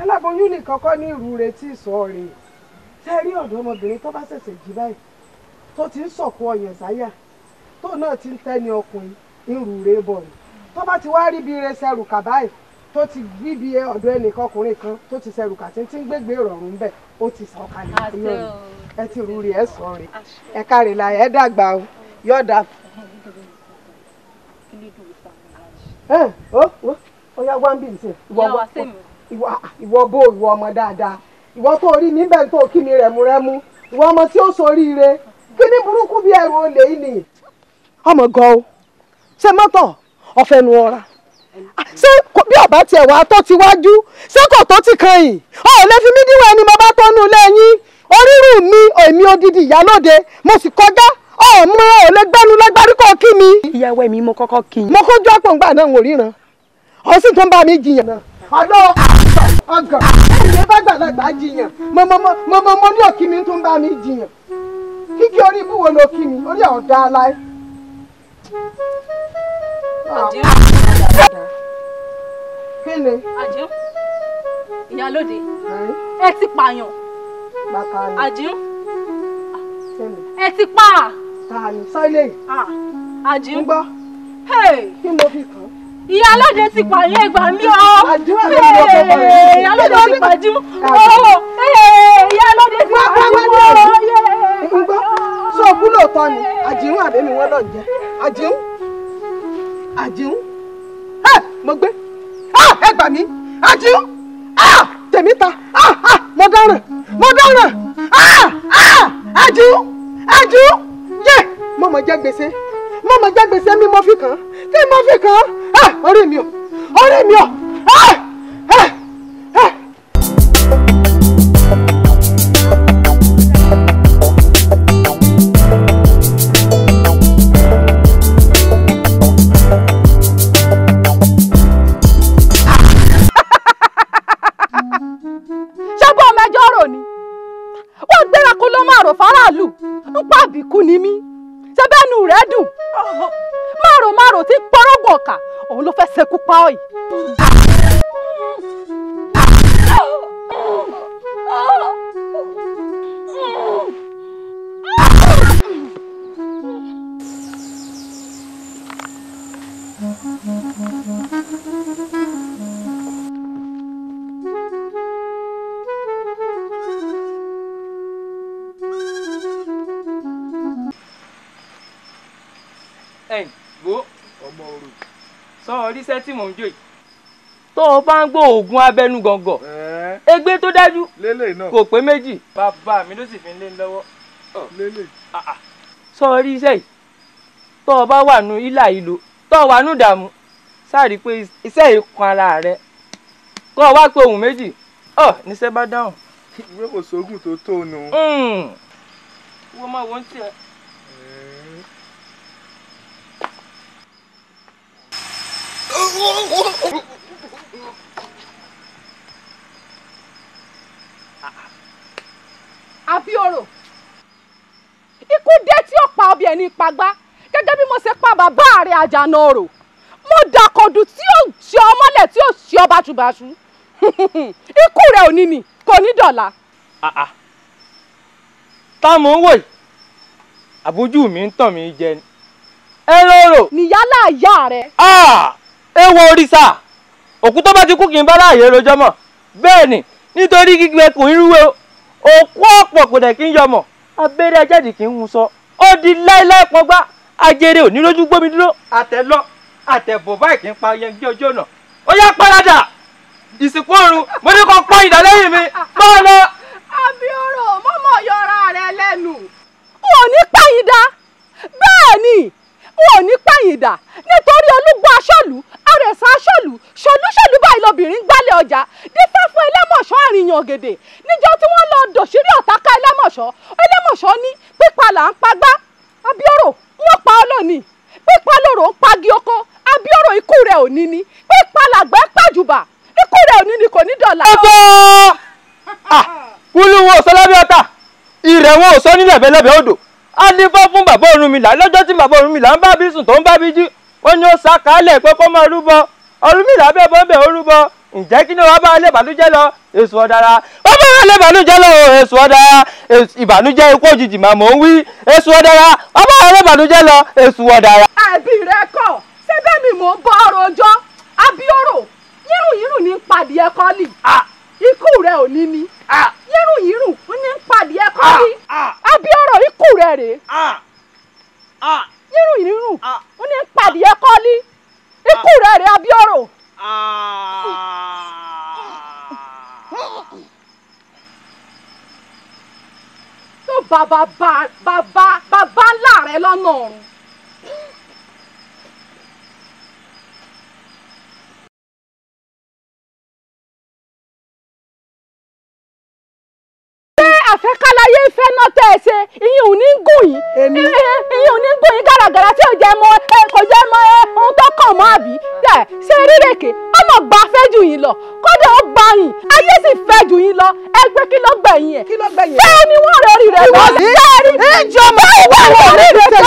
aláboyún nìkan kọ́ ní ìrù rẹ̀ tí ìsọ̀ rẹ̀ ṣe rí ọ̀dọ́mọbìnrin tó bá ṣẹ̀ṣẹ̀ jí báyìí tó ti ń sọ̀kò ọ̀yàn sáyà tó náà ti ń tẹ́ni ọkùnrin ìrù rẹ̀ bọ̀ ni tó bá ti wá rí bí rẹ̀ ṣẹrù báyìí tó ti gbíbi ọ̀dọ̀ kan tó ti ṣẹrù tí ń tí ń gbégbé ìrọ̀rùn bẹ̀ ó ti sàn kalẹ̀ fún ẹ ti rú rẹ̀ sọ ẹ kárẹ̀ ẹ dàgbà o yọ̀ọ̀dà. ó ó ó yá wá ń bì ní sè ìwọ bó ìwọ ọmọ dáadáa ìwọ tó rí mi bẹ́ẹ̀ tó kí mi rẹ̀múrẹ́mú ìwọ ọmọ tí ó soríire kí ní burúkú bí ẹrù olè yìí nìyí. ọmọ gan o ṣe mọ́tò ọ̀fẹ́ nu ọ̀ra ṣé bí ọba tiẹ̀ wá tó ti wájú ṣé kò tó ti kan yìí ọ̀ lè fi mí díwọ̀ ẹni mo bá tọ́nu lẹ́yìn orírù mi èmi odidi ìyálóde mo sì kọjá ọmọ ò lè gbẹnu lágbárí kọ kí mi. ìyàwó mi mo kọ́kọ́ kí n. mo kójú àpò ńgbà náà ń wòríran ọ̀sìn tó ń bá mi jiyàn náà ọlọ́ ọgàn ẹ̀yìn bá gbàlagbà jiyàn mọ̀mọ́mọ́ ní òkì mi tún bá mi jiyàn kíkí orí ibùwọ̀ ló kí mi orí ọ̀dà aláì. kíni. àjẹm ìyálóde ẹ ti pààyàn àjẹm ẹ ti pa. tani sọ́lé. àjẹm. ń gbọ́ kí ló fi kàn ìyá aládé ti pààyàn ẹgbàá mi ọ ìyá aládé ti pàjú ọ ìyá aládé ti pàjú ọ ngbọ́ sọ kú lóòótọ́ ni àjíhùn àbẹ́mi wọ́n lọ jẹ́ àjíhùn àjíhùn mo gbé ẹ gbà mí àjíhùn tèmi ta mo dáràn mo dáràn àjíhùn àjíhùn yé mo mọ̀ jẹ́ gbèsè mọ̀mọ́ jágbèsè mi mo fi kàn án tí mo fi kàn án ah, ọ̀rẹ́ mi ò ọ̀rẹ́ mi ò. tó o bá ń gbọ́ oògùn abẹnú gọ̀ǹgọ̀ ègbé tó dájú kò pé méjì. bàbá mi ló sì fi ń lé lọ́wọ́. Ah, ah. sọ rí iṣẹ́ yìí tó o bá wà nù ilà ìlò tó o wà nù dààmú sáàrí pé iṣẹ́ yìí kan ara rẹ kó o wá pé ohun méjì ọ níṣẹ́ bá dáhùn. ìwé kò sóògùn tó tó nu. Hmm. wọ́n máa wọ́n tiẹ̀. Oh, oh, oh. àbí orò ikú dé tí ó pa ọbẹ̀ ní ìpagbá gẹ́gẹ́ bí mo ṣe pa bàbá rẹ̀ àjànà orò mo dàkọ̀dù tí ó ṣe ọmọlẹ̀ tí ó ṣe ọ báṣubàṣu ikú rẹ̀ ò ní nì kò ní dọ̀la. táwọn ń wò yìí àbójú mi ń tàn mí jẹ ni ẹ lóró. nìyálà ìyá rẹ. ẹ wo òrìṣà òkú tó bá ti kú kì í bá láàyè rojọ́ mọ̀ bẹ́ẹ̀ ni nítorí gbígbẹ kò ń rúwe o. òkú ọ̀pọ̀ kò dẹ̀ kí ń yọmọ̀ abẹ́rẹ́ ajáde kì í sọ ó di láéláé pọgbá ajere ò ní lójú gbómi dúró. àtẹlọ àtẹbọ báyìí kì í pa yẹnjú náà ó yá paradà ìsìnkú ọrùn mo ní kó mi lọ. yọra rẹ ikú ò ní pẹ̀yìndà nítorí olúgbọ́ aṣọ́lù àrẹ̀sà aṣọ́lù ṣolúṣọ́lù báyìí lobìnrin gbálẹ̀ ọjà dífẹ́ fún ẹlẹ́mọ̀ṣọ́ àríyàn ògèdè níjọ́ tí wọ́n lọ dòṣírí ọ̀táká ẹlẹ́mọ̀ṣọ́ ẹlẹ́mọ̀ṣọ́ ní pípa là ń pagbá abioro wọ́n pa ọ́ pípa lòrò ń pagi oko abioro ikú rẹ̀ ò ní ni pípa làgbẹ́ pàjùbà ikú rẹ̀ ò ní ni kò ní dọ̀là. ọ̀pọ̀ ah! wúlú wọn ò sọ lábẹ́ ọ̀tà ìrẹ̀ wọn ò sọ nílẹ̀ bẹ́lẹ́bẹ́ odò á ní fọ́ fún bàbá Ọ̀rúnmìlà lọ́jọ́ tí bàbá Ọ̀rúnmìlà ń bá bí sùn tó ń bá bí jí wọ́n ní ó sá kálẹ̀ pé kó máa rúbọ Ọ̀rúnmìlà bẹ́ẹ̀ bọ́ bẹ́ẹ̀ ó rúbọ ǹjẹ́ kí ni wọ́n bá lè bànújẹ́ lọ èṣù ọ̀dàrà wọ́n bá lè bànújẹ́ lọ èṣù ọ̀dàrà ìbànújẹ́ ikú òjijì mà mò ń wí èṣù ọ̀dàrà wọ́n bá lè bànújẹ́ lọ èṣù ọ̀dàrà. àbí rẹ kọ ṣé mi mò ń bọ́ ọ̀rọ̀ ọjọ́ abíọ́rò yírùnyírùn ní pàdé ẹ̀kọ́ nì ikú rẹ ò ní ni yírùn yírùn ó ní ń pàdé ẹkọ rí abíọ́rọ̀ ikú rẹ rèé yírùn yírùn ó ní ń pàdé ẹkọ rí ikú rẹ rèé abíọ́rọ̀. tó bàbá bàbá bàbá ńlá rẹ lọ́nà ọ̀run. pé àfẹ́kálayé ìfẹ́ náà tẹ̀ ẹ́ ṣe ìyẹn ò ní gùn yín eh, eh, ìyẹn ò ní gùn yín gàràgàrà tí ò jẹ́ mọ kò jẹ́ mọ ohun tó kàn mọ́ àbí tẹ̀ ṣe rírèké ọmọ gba fẹ́ jù yín lọ kódà ó gba yín ayé sì fẹ́ jù yín lọ ẹgbẹ́ kí ló gbẹ̀yìn ẹ̀ bẹ́ẹ̀ ni wọ́n rẹ̀ rí rẹ̀ lọ bẹ́ẹ̀ rí bẹ́ẹ̀ ni bẹ́ẹ̀ bá ìlọrí rẹ̀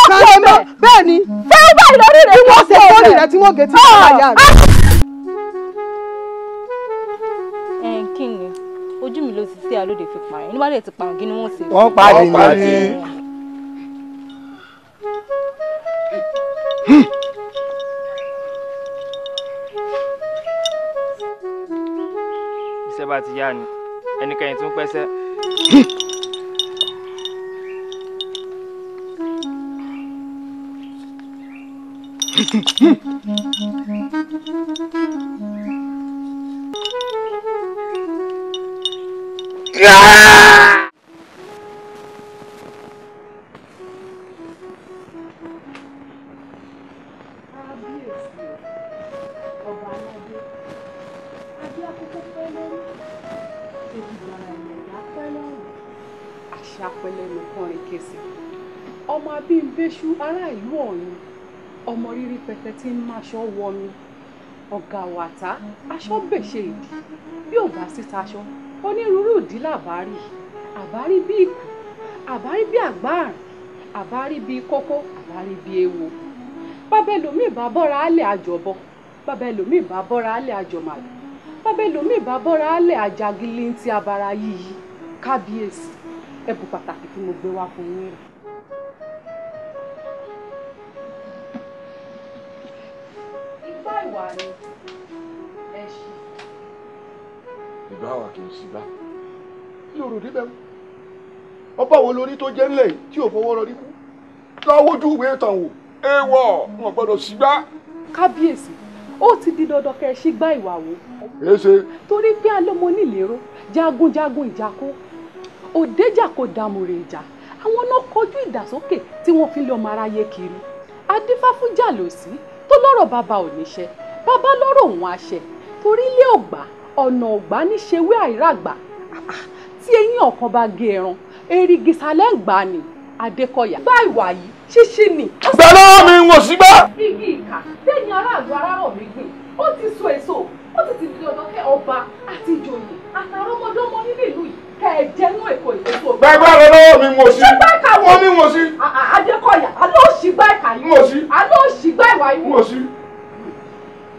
tó ṣe rẹ̀ tí wọ́n gé tí wọ́n ah! bá yá rẹ̀. ẹ̀ kí ni ojú mi ló ti sí alóde fi pààyàn inú bá lè ti pààyàn kí ni wọ́n ṣe. wọ́n pààyàn ni. iṣẹ́ bá ti yá ni ẹnikẹ́ni tó ń pẹ́sẹ́. Hmm. God! ṣàpẹlẹnu kọrin kèsì ọmọ abímbéṣu ará ìlú ọ̀run ọmọ rírí pẹtẹ tí ń máṣọ wọmi ọ̀gá wàtá aṣọ bẹ̀ṣẹ̀ ìdí bí ò bá síta aṣọ onírúurú ìdí làbárí àbárí bí ìkù àbárí bí àgbáàrùn àbárí bí kókó àbárí bí ewo bàbá ẹlòmíì bá bọ́ra á lè àjọbọ bàbá ẹlòmíì bá bọ́ra á lè àjọmàlù bàbá ẹlòmíì bá bọ́ra á lè àjàgìlì ti abara yíyí kábíyèsí ẹ̀bùn pàtàkì tí mo gbé wá fún yín rẹ̀. ìgbà ìwà ni. ìgbà wà kì í sígbà ní òrò débẹ̀ ọba wo lórí tó jẹ́ ńlẹ̀ tí ò fọwọ́ rọrí kú láwójú ìwé ìtàn wò èèwọ̀ wọn gbọ́dọ̀ sígbà. kábíyèsí ó ti di dandan kẹ́ ẹ sígbà ìwà wò. èsè. torí pé alọ́mọ onílérò jagunjagun ìjákó òdèjà kò dàmúrè ìjà àwọn náà kọjú ìdàsókè tí wọ́n fi lé ọmọ aráyé kiri adífáfújà lòsí tó lọ́rọ̀ bàbá ò níṣẹ́ bàbá lọ́rọ̀ òun àṣẹ torí ilé ọ̀gbà ọ̀nà ọ̀gbá ní ṣe wé àìràgbà tí eyín ọ̀kan bá gé ẹran erigi sálẹ̀ ń gbà ní adékọ̀yà gbá ìwà yìí ṣíṣí ni. gbẹ̀rẹ̀ mi ń wò sígbà. igi ìkà lẹ́yìn aráàlú arárọ̀ mi gbìn ó ti so èso ó sì ti di ọ̀dọ́ kẹ́ ọba àti ìjòyè àtàrà ọmọdọ́mọ nínú ìlú yìí kẹ́ ẹ jẹ́nu èkó ìgbésò. gbẹgbẹ rẹ lọ́wọ́ mi wò sí. ṣígbà ìkà wo mi wò sí. adékọ̀yà alóòṣìgbà ìkà yìí. wò sí. alóòṣìgbà ìwà yìí. wò sí.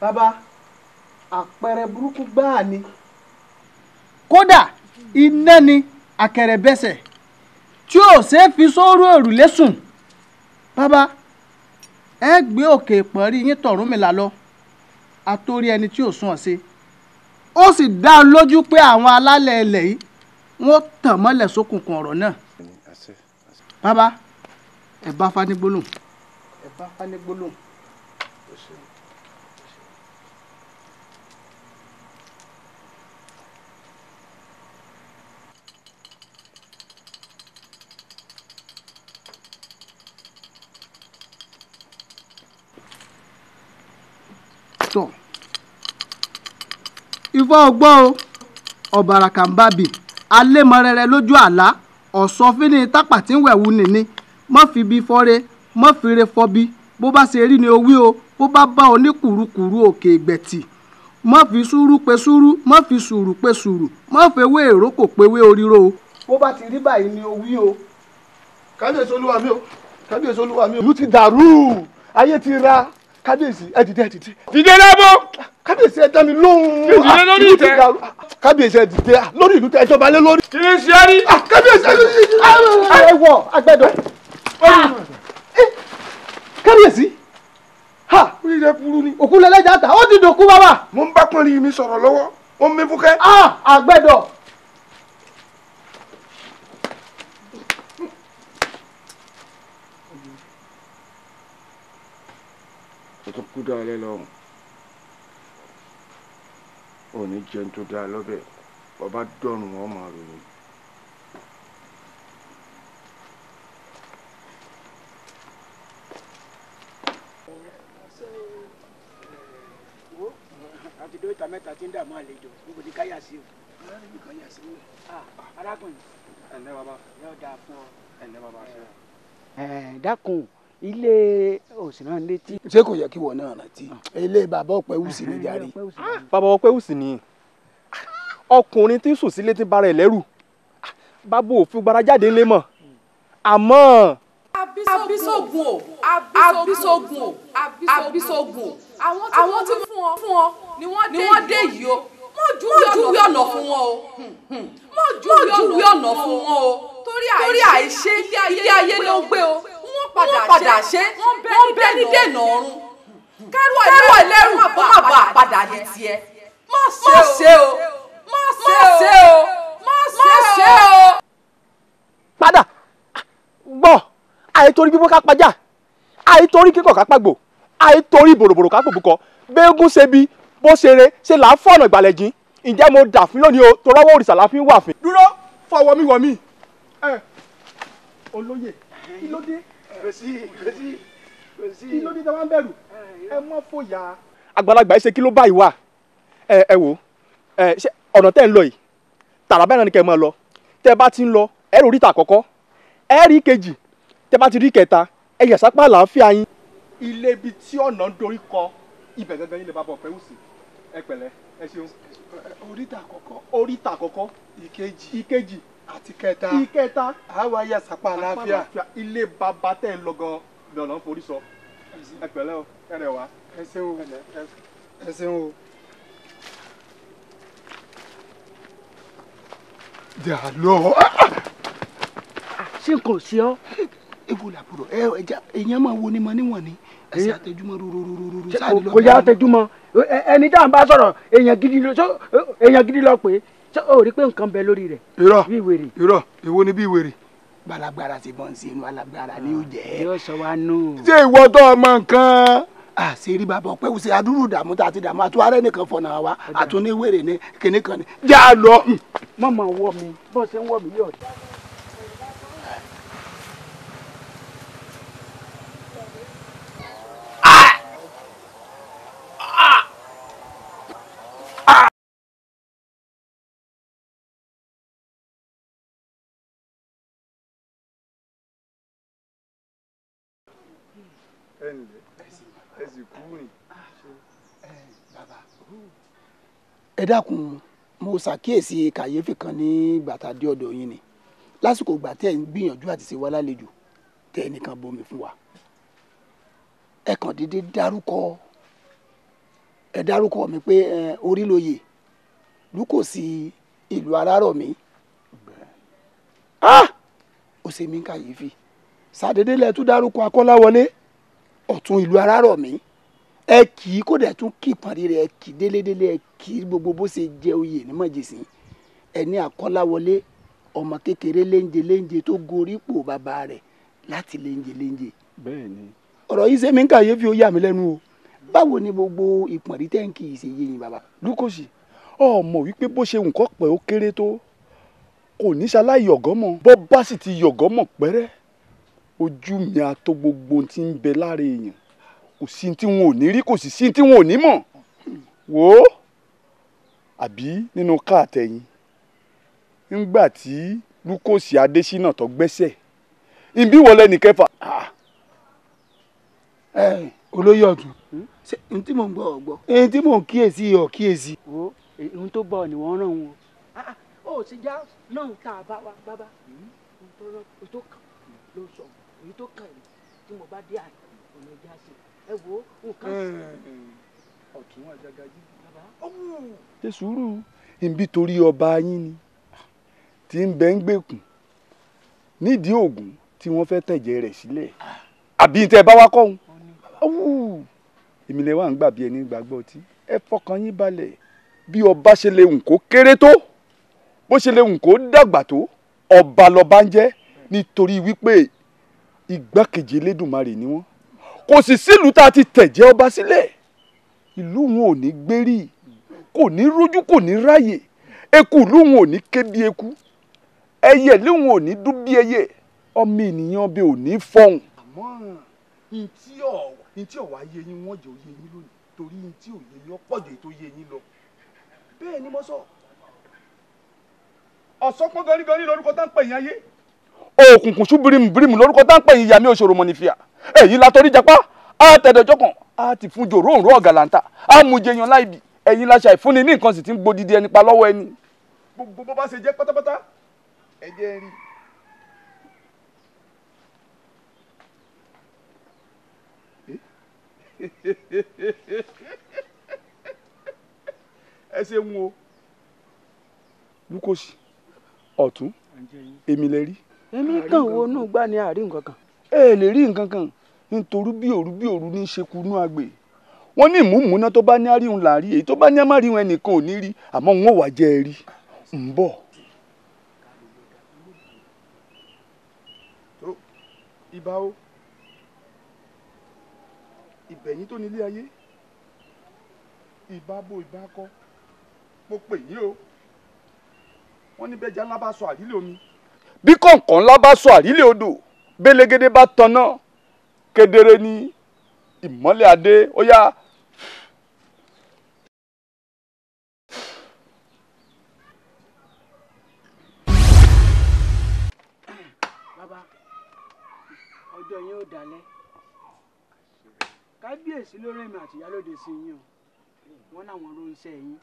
bàbá àpẹẹrẹ burúkú gbáà ni kódà iná ni àkẹrẹbẹsẹ̀ tí ò ṣe é fi sóòrò òrùlé sùn bàbá ẹ gbé òkè ìpọ́nrí yín tọ̀rún mi là lọ àtòrí ẹni tí ò sùn ọ̀sẹ̀ ó sì dá a lójú pé àwọn alálẹ̀ ilẹ̀ yìí wọ́n tàn mọ́lẹ̀ sókùnkùn ọ̀rọ̀ náà bàbá ẹ bá fanigbólóhùn. ẹ bá fanigbólóhùn. yàtọ̀ ifá ọgbọ́n o ọ̀bàràkàǹbàbì alẹ́mọ̀rẹ́rẹ́ lójú àlá ọ̀sọ́fínì tápàtí ń wẹ̀wù nìní mọ́ fi bí fọ́re mọ́ fi re fọ́bi bó bá ṣe rí ni o wí o bó bá bá o ní kùrukùru òkè ìgbẹ̀tì mọ́ fi sùúrù pe sùúrù mọ́ fi sùúrù pe sùúrù mọ́ fi ewé èrò kò pe ewé oríro o. bó bá ti rí báyìí ni o wí o. kábíyèsí olúwa mi o kábíyèsí olúwa mi o. ìlú ti dàrú ayé ti ra kábíyèsí ẹ dìde ẹ dìde. dìde lábọ́. kábíyèsí ẹ dá mi lóhùn. dìde lórí ah, ìtẹ́. kábíyèsí ẹ dìde ah, lórí ìlú tẹ ìjọba lé lórí. kì í ṣe é rí. Ah, kábíyèsí ẹ dìde. ẹ wọ agbẹdọ. Eh, kábíyèsí ha orí rẹ burú ni. òkú lẹlẹ́jà ta ó ti dòkú bàbá. mo ń bá pọ́nrí mi sọ̀rọ̀ lọ́wọ́ ó ń mi fúkẹ́. kó tó kú dáa lẹ́lọ́rùn ò ní jẹun tó dáa lọ́bẹ̀ bàbá dọ̀rùn wọn máa ròyìn. àti dókítà mẹ́ta tí ń dààmú àlejò níbo ni káyà sí o. Ah. Ah, ilé òsínà létí. ṣé kò yẹ kí wọn náà rántí ilé bàbá ọpẹ wùsì ní jàre. bàbá ọpẹ wùsì ni ọkùnrin tí sùn sílé ti bára ẹ lẹ́rù bàbá òfin gbára jáde lé mọ̀ àmọ́. abisogun o abisogun o abisogun o àwọn tí wọ́n fún ọ ni wọ́n dé yìí o mọ júwe ọ̀nà fún wọn o mọ júwe ọ̀nà fún wọn o torí àìṣe ilé ayé ló ń gbé o wọ́n padà ṣe wọ́n bẹ́ ní dènà ọ̀run kẹ́rù ẹlẹ́rù kó má bàa padà di tiẹ̀ má ṣe o má ṣe o má ṣe o. padà gbọ́ àìtorí bíbó ká pajá àìtorí kíkọ̀ ká pàgbò àìtorí bòròbòrò ká pòbúkọ bẹ́ẹ̀gùn ṣe bí bó ṣe re ṣe là á fọ̀nà ìgbàlẹ̀ jìn ǹjẹ́ mo dà fún lónìí o tó rọ́wọ́ òrìṣà la fi ń wà fún. dúró fọwọ́ mi wọ̀ mí olóyè kí ló dé kò sí kò sí kò sí. kí ló dé tí wọn bẹ̀rù ẹ mọ fòyà. àgbàlagbà ẹ ṣe kí ló báyìí wà ẹ ẹ wò ẹ ṣe ọ̀nà tẹ́ ń lọ yìí tààrà bẹ́ẹ̀ náà ni kẹ́ ẹ máa lọ tẹ́ ẹ bá ti ń lọ ẹ rí oríta àkọ́kọ́ ẹ rí kejì tẹ́ ẹ bá ti rí kẹta ẹ yẹ sápá àlàáfíà yín. ilé ibi tí ọ̀nà ń dorí kọ ibẹ̀ gangan yín lè bá bọ̀ pẹ́wù sí ẹ pẹ̀lẹ́ ẹ ṣeun. oríta àkọ́kọ́ oríta àkọ́kọ́ ìkejì ìkejì àti kẹta ìkẹta àwa yà sàpà àlàáfíà ilé bàbá tẹ̀ ń lọ gan lọ́nà forí sọ ẹ pẹ̀lẹ́ o ẹ rẹ̀ wá. ẹ ṣeun ẹ ṣeun o. jàlọ. Ah, ṣé n kò sí ọ. ewu làbúrò ẹ ẹja èèyàn máa wo ni mo níwọ̀n ni àti eh, àtẹjúmọ́ rúrúrúrú. kò yá àtẹjúmọ́ eh, ẹni tá à bá sọ̀rọ̀ èèyàn gidi eh, lọ pé ṣé o rí pé nǹkan bẹ lórí rẹ̀. irọ́ irọ́ èwo ni bí wèrè balagbara ti bọ́ ń se inú alágbára ni ó jẹ́. yóò sọ wa nù. ṣé ìwọ tó ọmọ nǹkan. àṣírí bàbá ọpẹ́ òsè adúrú dààmú tá a ti dààmú àtúwárẹ́ nìkan fọ̀nà wa àtúnéwèrè ni kìnnìkan ni. já lọ. mọ̀mọ́ wọ mi bó ṣe ń wọ mi yóò dá. ẹ dákun mo ṣàkíyèsí kàyéfì kan ní gbàtà dé ọ̀dọ̀ yín ni lásìkò ìgbà tẹ́ ń gbìyànjú àti ṣe wá lálejò tẹ́ ẹnìkan bomi fún wa ẹ kàn déédéé dárúkọ ẹ dárúkọ mi pé ẹ orí lóye lúkòsí ìlú arárọ̀ mi ah ó ṣe mí kàyéfì ṣàdédé lẹ́ẹ̀ tún dárúkọ akọ́láwọlé ọ̀tún ìlú arárọ̀ mi ẹ kì í kódà tún kì parí rẹ̀ ẹ kì í délédélé ẹ kì í gbogbo bó ṣe jẹ oyè ní mọ̀jẹ̀sìn ẹni àkọ́láwọlé ọmọ kékeré léńje léńje tó gorí ipò bàbá rẹ̀ láti léńje léńje. bẹ́ẹ̀ni. ọ̀rọ̀ yìí ṣe mí ń kàyéfì ó yà mí lẹ́nu o báwo ni gbogbo ìpọ̀nrí tẹ́ǹkì ṣe yé yín bàbá. lukosi ọmọ wípé bó ṣe nǹkan pẹ̀ ó kéré tó kò ní ṣaláì yọ̀gọ́mọ̀ bọ́ bá sì ti yọ̀gọ́mọ̀ pẹ́rẹ́ ojú mi àtọ gbogbo ti ń bẹ lára èèyàn kò sí tí wọn ò ní rí kò sì sí tí wọn ò ní mọ̀ wò ó àbí nínú káàtẹ̀yìn nígbà tí lukosi adésínà tó gbẹ́sẹ̀ ibi wọlé ní kẹfà. olóyè ọ̀tún ohun tí mò ń gbọ́ ọ̀ gbọ́ ohun tí mò ń kíyèsí ọ̀ kíyèsí. wo ohun tó bọ̀ ni wọ́n ràn wọ́n ó sì já náà tá a bá wa bábá ohun tó kàn ló sọ èyí tó kàn tí mo bá dé àná ọ̀nà ìjà sí ẹ wo nǹkan. Eh. ọ̀tún àjàgà yìí. ṣe sùúrù nbí torí ọba yín ni tí ń bẹ ń gbèkùn nídìí ògùn tí wọ́n fẹ́ tẹ̀jẹ̀ rẹ̀ sílẹ̀ àbí tẹ́ ẹ bá wá kọ́ òun. èmi lè wà ń gbà bí ẹni gbàgbọ́ ọtí ẹ fọkàn yín balẹ̀ bí ọba ṣe lè hùn kó kéré tó bó ṣe lè hùn kó dàgbà tó ọba lọba ń jẹ́ nítorí wípé igbákejì elédùnmarè ni wọ́n kò sì sílùú tá a ti tẹ̀jẹ́ ọba sílẹ̀ ìlú wọn ò ní gbérí kò ní rójú kò ní ráyè eku ìlú wọn ò ní ké bí eku ẹyẹ ìlú wọn ò ní dún bí ẹyẹ ọmọ ènìyàn bẹ ò ní fọhùn. àmọ́ ntí ọ̀wá yé yín wọ́n jẹ́ òye yín lónìí torí ntí òye yín ọ̀pọ̀ jù ètò yé yín lọ bẹ́ẹ̀ ni mo sọ. ọ̀sọ́kún gọ́rígọ́rí lórúkọ tá ń pè yín ayé. òkùnkùn ṣubirimu birimu lórúkọ tá ń pè yín yàmi òṣòro mọ́nífíà ẹ̀yin la torí japa á tẹ̀dọ̀jọ́ kan á ti fún jòrò òǹrò ọ̀gàlàǹtà á mú jẹyàn láìbì ẹ̀yin la ṣàìfúnni ní nǹkan sì ti ń gbòdìdí ẹni pa lọ́wọ́ ẹni. gbogbo bó bá ṣe jẹ́ pátápátá ẹ jẹ́ rí. ẹ ṣe ń wo lukosi ọ̀tún èmi lẹ rí. èmi kàn wo inú gbá àárín nǹkan kan. ẹ lè rí nǹkan kan nítorí bí òru bí òru ní í ṣe kunú àgbè wọn ní ìmúmúná tó bá ní àríhun là èyí tó bá ní àmárihun ẹnìkan ò rí àmọ́ wọn ò wá jẹ ẹ rí ń ńlá bá sọ omi. bẹ́lẹ́gẹ́dẹ́ bá tanná kedere ní ìmọ́lẹ̀ adé ó yá. bàbá ọjọ́ yẹn ò dalẹ̀ kábíyèsí lórí mi àti ìyálòde sí yín o wọ́n láwọn ló ń ṣe yín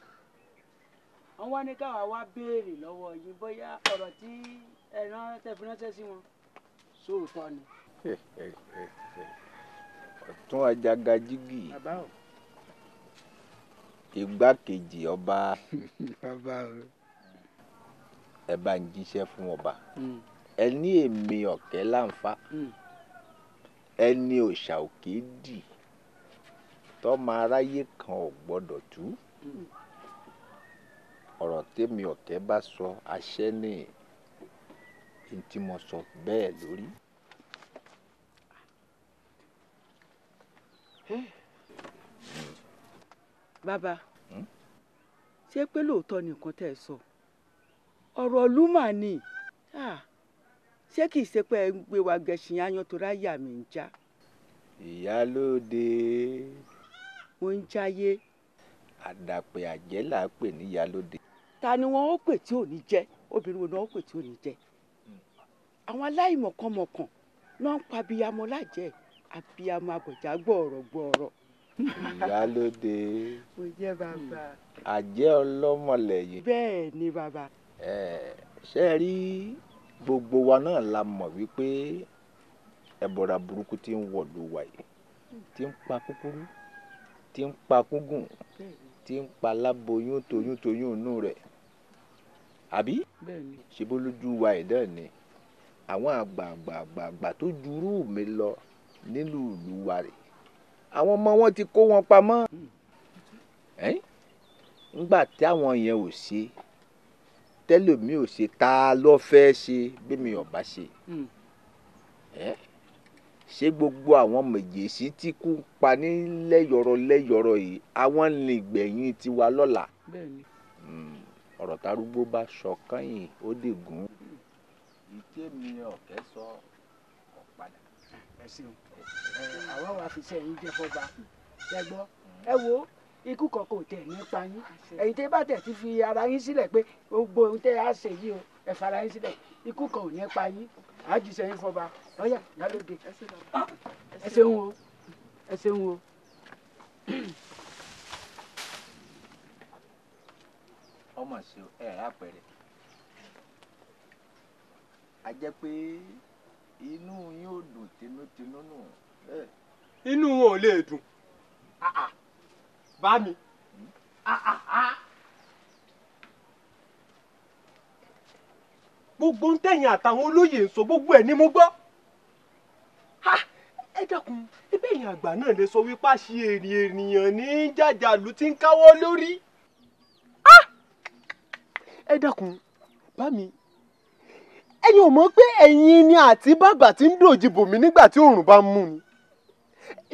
wọ́n wá ní káwa wá béèrè lọ́wọ́ yín bóyá ọ̀rọ̀ tí ẹ̀ràn tẹ̀fínránṣẹ́ sí wọn sóòótọ́ ni. ọ̀tún ajagajigi igbákejì ọba ẹ bá ń jíṣẹ́ fún ọba hmm. ẹ ní èmi ọ̀kẹ́ láǹfà hmm. ẹ ní òòṣà òkè dì tọ́mọ aráyé kan ò gbọ́dọ̀ tú hmm. ọ̀rọ̀ tèmi ọ̀kẹ́ bá sọ àṣẹ nìyí. n tí mo sọ bẹ́ẹ̀ lórí. Eh. bàbá hmm? ṣé pé lóòótọ́ ni nǹkan tẹ́ ẹ sọ ọ̀rọ̀ lúmà ni ah. ṣé kìí ṣe pé ẹ ń gbé wa gẹ̀ṣin ayan tó ráyà mi ń já. ìyálóde. mo ń jáyé. àdàpè àjẹ́ là á pè ní níyálóde. ta ni wọn ó pè tí ò ní jẹ́ obìnrin wo ni wọn ó pè tí ò ní jẹ́. àwọn aláìmọ̀kànmọ̀kàn ló ń pa abiyamọ lájẹ́ abiyamọ abọ̀já gbọ̀ọ̀rọ̀ gbọ̀ọ̀rọ̀. ìyálóde mo jẹ́ bàbá àjẹ́ ọlọ́mọlẹ̀ yìí. bẹ́ẹ̀ ni bàbá. ẹ ṣe é rí gbogbo wa náà la mọ̀ wípé ẹ̀bọ̀rà burúkú ti ń wọ̀lú wa yìí ti ń pa kúkúrú ti ń pa kúngùn ti ń pa láboyún toyún toyún inú rẹ̀ àbí ṣe lójú wa ìdá ni àwọn àgbààgbààgbà tó jurú mi lọ nílùú ìlú wa rè àwọn ọmọ wọn ti kó wọn pamọ́ ńgbà tí àwọn yẹn ò ṣe tẹ́lòmí ò ṣe ta ló fẹ́ ṣe bí mi ò bá ṣe hmm. ṣé gbogbo àwọn mèjèèjì tí kú pa ní lẹ́yọrọ lẹ́yọrọ yìí àwọn lè gbẹ̀yìn tiwa lọ́la hmm, ọ̀rọ̀ tarúgbó bá sọ kányìn ó dègún ìtẹ́mi ọ̀kẹ́ sọ ọ̀padà. ẹ ṣeun àwa wàá fi sẹ́yìn jẹ́ fọba ẹ gbọ́ mm. ẹ wo ikú kankan ò tẹ̀ nípa yín ẹ̀yin tẹ́ bá tẹ̀ ti fi ara yín sílẹ̀ pé gbogbo ohun tẹ́ á ṣe yìí o ẹ fara yín sílẹ̀ ikú kan ò nípa yín àájú sẹ́yìn fọba ọ̀yà lálóde ẹ ah, ṣeun o ẹ ṣeun o. ọmọ ṣe ẹ àpẹẹrẹ a jẹ́ pé inú yín ò dùn tinútinú nù. inú wọn ò lè dùn ah, ah. bá mi hmm? ah, gbogbo ń tẹ̀yìn àtàwọn olóyè ń sọ gbogbo ẹ̀ ni mo gbọ́ ẹ dákun ẹbí ẹ̀yìn àgbà náà lè sọ wípé àṣì èrì ènìyàn ní jàjàlú tí ń káwọ́ lórí ẹ dákun bá mi ẹ̀yin ò mọ̀ pé ẹ̀yin ni àti bàbà tí ń dòjì bò mí nígbà tí òòrùn bá ń mú ni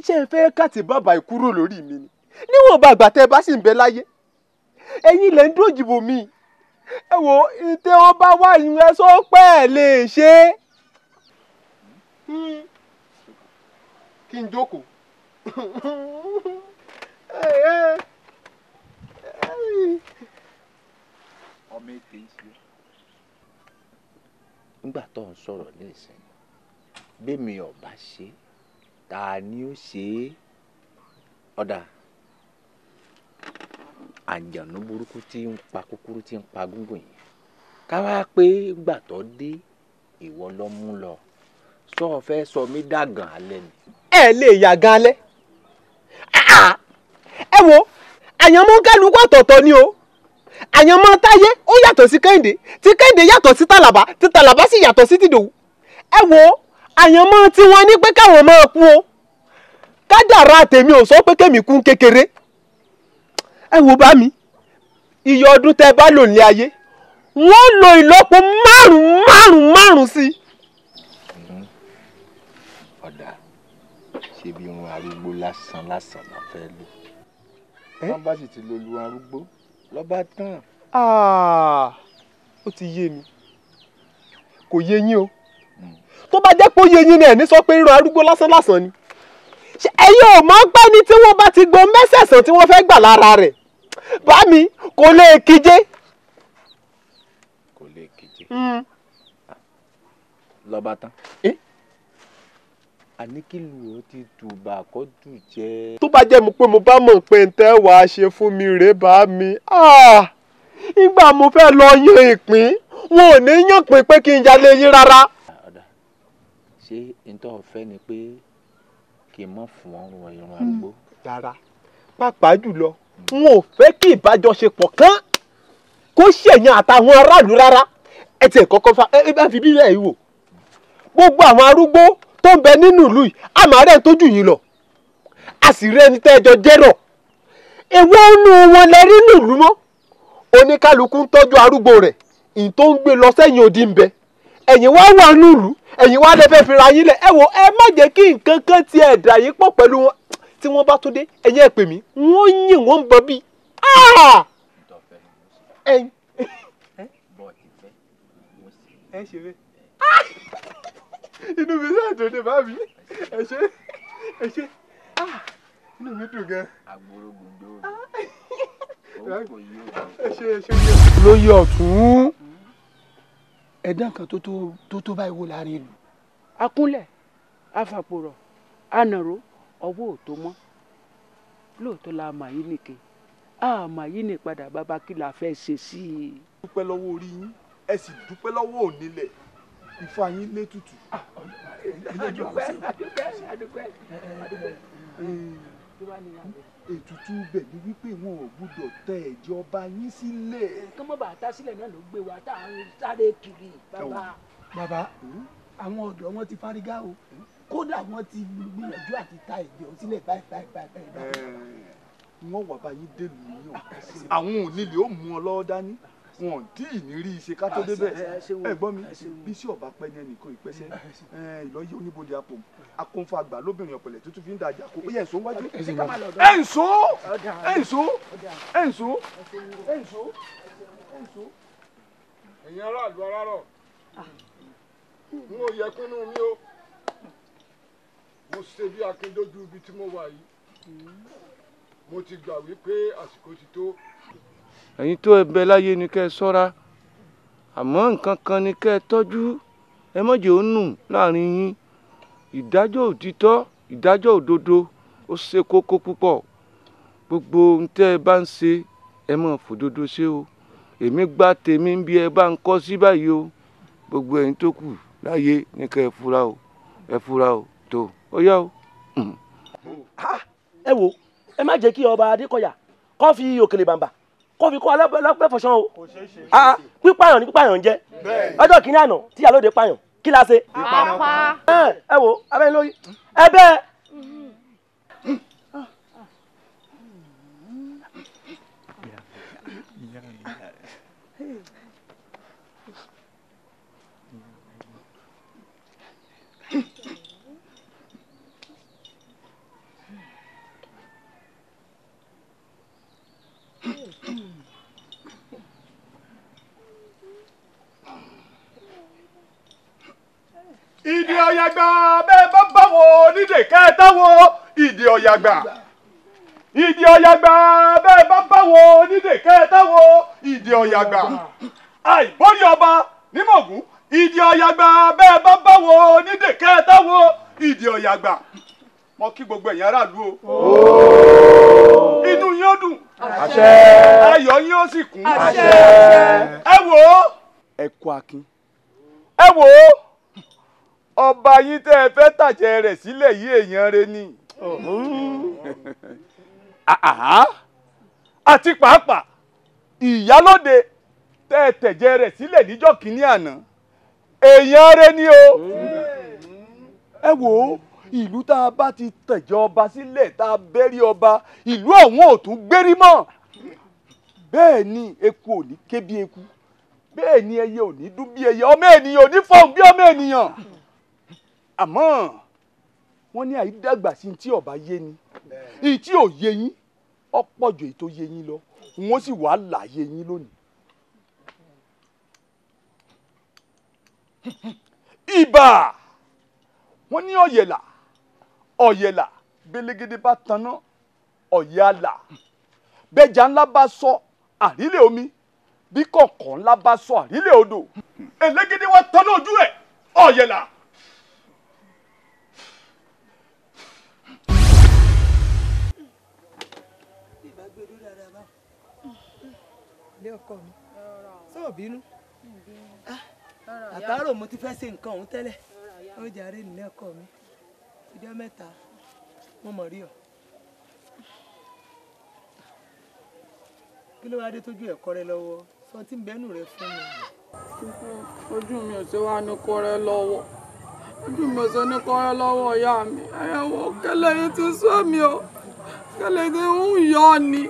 ṣé ẹ fẹ́ káàtì bàbà ìkúrò lórí mi ni níwọ̀n bàgbà tẹ́ ẹ bá sì ń bẹ láyé ẹ̀yin lẹ́ ń dòjì bò ẹ wo tẹ́ wọ́n bá wá yín ẹ sọ pé ẹ lè ṣe é. Hmm. kí n jókòó ọmọ ètè yìí nígbà tó ń sọ̀rọ̀ ní ìsìn bẹ́mi ọ̀bá ṣe ta ni ó ṣe é ọ̀dà àjànú burúkú tí ń pa kúkúrú tí ń pa gúngùn yìí ká wá pé gbà tó dé ìwọ lọ mú lọ sọ fẹ́ sọ mí dàgàn alẹ́ ni. ẹ lè yàgá alẹ́ ẹ wo àyànmú kálukú ọ̀tọ̀ọ̀tọ̀ ni o àyànmọ́ táyé ó yàtọ̀ sí kẹ́hìndé tí kẹ́hìndé yàtọ̀ sí tàlàbà tí tàlàbà sì yàtọ̀ sí tìdòwú ẹ wo àyànmọ́ tiwọn ní pé káwọn máa kú o kádàrá tèmi ò sọ pé kèmi kú kékeré ẹ wo bá mi iye ọdún tẹ bá lò ní ayé wọ́n lo ìlọ́po márùn márùn márùn sí i. ọ̀dà ṣe bí irun arúgbó lásán lásán la fẹ́ lò wọ́n bá sì ti lo lu arúgbó lọ́ba tán. Ah, ó ti yé mi kò yé yín o hmm. tó bá jẹ́ pé ó yé yín ni ẹ̀ní sọ pé ríran arúgbó lásán ni ẹ̀yin ò mọ̀ pé ni tí wọ́n bá ti gbọ́ mẹ́sẹ̀sán tí wọ́n fẹ́ gbà lára rẹ̀ bá mi kò lè kíje. kò lè kíje hmm. lọ́ba tán. Eh? àníkìlù ó ti tùbà kó tù jẹ. tó bá jẹ́ mi pé mo bá mọ̀ pé n wàá ṣe fún mi rèé bá mi ah! ìgbà mo fẹ́ lọ yan ìpín wọn ò ní yàn pín pé kí n yálé yín rárá. ṣé nítorí ọ̀fẹ́ ni pé kì í mọ̀ fún ọrùn ìrùn àgbo. rárá pàápàá jùlọ n ò fẹ́ kí ìbájọṣepọ̀ kan kó ṣèyàn àtàwọn aráàlú rárá ẹ tẹ̀ kọ́kọ́ fa ẹ bá fi bí bẹ́ẹ̀ wò gbogbo àwọn arúgbó tó ń bẹ nínú ìlú yìí àmàrẹ́ tó jù yín lọ a sì rí ẹni tẹ́ ẹjọ́ jẹ́rọ̀ èwo nù wọn lẹ rí nílùú mọ́ oníkálukú ń tọ́jú arúgbó rẹ̀ ìn tó ń gbé lọ sẹ́yìn odi ń bẹ ẹ̀yin wá wà nílùú ẹ̀yin wá lẹ fẹ́ fira yín lẹ̀ ẹ wo ẹ má jẹ́ kí nǹkan kan ti ẹ̀dà yín pọ̀ pẹ̀lú wọn tí wọ́n bá tó dé ẹ̀yin ẹ pè mí wọ́n yìn wọ́n ń bọ bí. ẹ ṣe bẹ́ẹ̀ inú mi sáà tó dé báàbí ẹ ṣe ẹ ṣe ah, inú mi dùn gan. àgbòrò gbòǹdò ah. ẹ ṣe ẹ ṣe. lóye ọ̀tún ẹ̀dá kan tó tó báyìí wò láàrin ìlú. akúnlẹ̀ afàpòrọ̀ anàró ọwọ́ ò tó mọ́ lóòótọ́ la mà yín nìke àmà yín ní padà bàbá kí la fẹ́ ṣe sí i. dúpẹ́ lọ́wọ́ orí yín ẹ sì dúpẹ́ lọ́wọ́ onílẹ̀ ifá yín lé tutù. adúpẹ́ adúpẹ́ adúpẹ́ adúpẹ́ ètùtù bẹ̀ ni wípé wọn ò gbúdọ̀ tẹ ẹ̀jẹ̀ ọba yín sílẹ̀. Eh, kí wọ́n bá ta sílẹ̀ náà ló gbé wa tá à ń sáré kiri bàbá. bàbá àwọn ọ̀dọ́ wọn ti fárígá o kódà wọn ti gbìyànjú àti ta ẹ̀jẹ̀ ọ sílẹ̀ báyìí báyìí báyìí báyìí. Eh. wọ́n wà báyìí dèlù yín o àwọn ò nílé ó mú ọ lọ́wọ́ dání wọn ò tí ì ní rí iṣẹ́ ká tó ah, débẹ̀ ẹ gbọ́ mi ah, bí sí ọba pẹ́ ní ẹnìkan ìpẹ́sẹ́ ìlọ́yẹ oníbodè apò akóńfà àgbà lóbìnrin ọ̀pẹ̀lẹ̀ tó tún fi ń da àjà kó ó yẹ ǹso wájú ẹ̀ ǹso ẹ̀ ǹso ẹ̀ ǹso ẹ̀ ǹso ẹ̀ ǹso. ẹ̀yin aráàlú arárọ̀ ah. n ò yẹ kúnnú mi o mo ṣe bí akíndójú ibi tí mo wà yìí hmm. mo ti gbà wípé àsìkò ti tó ẹ̀yin tó ẹ bẹ láyé ni kẹ́ ẹ sọ́ra àmọ́ nǹkan kan ni kẹ́ ẹ tọ́jú ẹ mọ̀jẹ̀ ó nù láàrin yín ìdájọ́ òtítọ́ ìdájọ́ òdodo ó ṣe kókó púpọ̀ gbogbo ohun tẹ́ ẹ bá ń ṣe ẹ mọ̀ fòdodo ṣe o èmi gba tèmi ń bí ẹ bá ń kọ́ sí báyìí o gbogbo ẹ̀yin tó kù láyé ni kẹ́ ẹ fura o ẹ fura o tó ó yá o. ẹ wo ẹ má jẹ́ kí ọba adékọ̀yà kó fi òkèlè bàǹbà kó fi kó alápẹ̀fọ̀ṣán o ah, ah, pípààyàn ni pípààyàn jẹ́ ọjọ́ kìíní àná tíyàlóde pààyàn kí la ṣe. Eh, ẹ wo abẹ́ni lórí ẹ bẹ́ẹ̀ ìdí ọ̀yàgbà bẹ́ẹ̀ bá bá wo onídè kẹta wo ìdí ọ̀yàgbà ìdí ọ̀yàgbà bẹ́ẹ̀ bá bá wo onídè kẹta wo ìdí ọ̀yàgbà àìbórí ọba nímọ̀gún ìdí ọ̀yàgbà bẹ́ẹ̀ bá bá wo onídè kẹta wo ìdí ọ̀yàgbà mo kí gbogbo ẹ̀yin aráàlú o inú yín ó dùn ayọ̀ yín ó sì kún ẹ wò ó ẹ kú akin ẹ wò ó ọba yín tẹ́ ẹ fẹ́ tàjẹ́ rẹ̀ sílẹ̀ yí èèyàn rẹ ni. àti pàápàá ìyálóde tẹ́ ẹ tẹ̀jẹ́ rẹ̀ sílẹ̀ níjọ́ kínní àná èèyàn rẹ ni o. ẹ wo ìlú tá a bá ti tẹ̀jẹ́ ọba sílẹ̀ tá a bẹ́rí ọba ìlú ọ̀hún ò tún gbérí mọ́ bẹ́ẹ̀ ni eku ò ní ké eku bẹ́ẹ̀ ni ẹyẹ ò ní dún bí ẹyẹ ọmọ ènìyàn ò ní fọhùn bí ọmọ ènìyàn àmọ́ wọ́n ní àìdàgbà sí tí ọba yé ni èyí tí ò yé yín ọ̀pọ̀ ju èyí tó yé yín lọ wọ́n sì wàá láàyè yín lónìí. ibà wọ́n ní ọ̀yẹ̀là ọ̀yẹ̀là belegede bá tanná ọ̀yẹ̀ àlà bẹ́jà ńlá bá sọ àrílẹ̀ omi bí kọ̀ọ̀kan ńlá bá sọ àrílẹ̀ odò elégede wa tanná ojú ẹ̀ ọ̀yẹ̀là lé ọkọ mi sọ bínú ah, àtàrò mo ti fẹ́ ṣe nǹkan ọ̀hún tẹ́lẹ̀ ó jàre nílé ọkọ mi ìjọ́ mẹ́ta mo mọ̀ rí ọ. kí ló wá dé tójú ẹ̀kọ́ rẹ lọ́wọ́ sọ tí ń bẹ́nu rẹ fún mi. ojú mi ò ṣe wá ní kọ́rẹ́ lọ́wọ́ ojú mi ò ṣe ní kọ́rẹ́ lọ́wọ́ ìyá mi ẹ̀wọ̀n kẹlẹ́ ti sọ mi o kẹlẹ́ ti ń yọ ni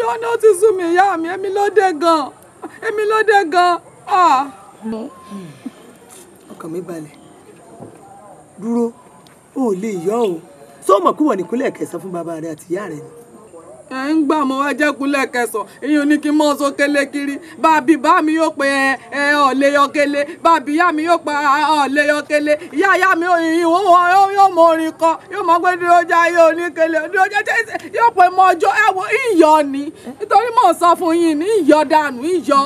yọ̀nà ti sú mi ìyá mi èmi ló dé gan èmi ló dé gan. ọkàn mi balẹ̀ dúró o ò lè yọ o sọ ma kúwọ̀ nìkúnlẹ̀ kẹsàn-án fún bàbá rẹ àti ìyá rẹ ni. ẹ ń gbà mọ́ wá jẹ́kulẹ̀ kẹsàn ìyẹn kele kiri bàbí bá mi yóò pe ẹ ọ̀lẹ́ mi yóò pa ọ̀lẹ́ yọkele ìyá ìyá mi ìyìn òun yóò mọ orin kọ yóò mọ pé dúró yóò ní kele yóò pe mọ ọjọ ẹ ìyọ ni nítorí mò sọ fún yín ní ìyọ dànù ìyọ.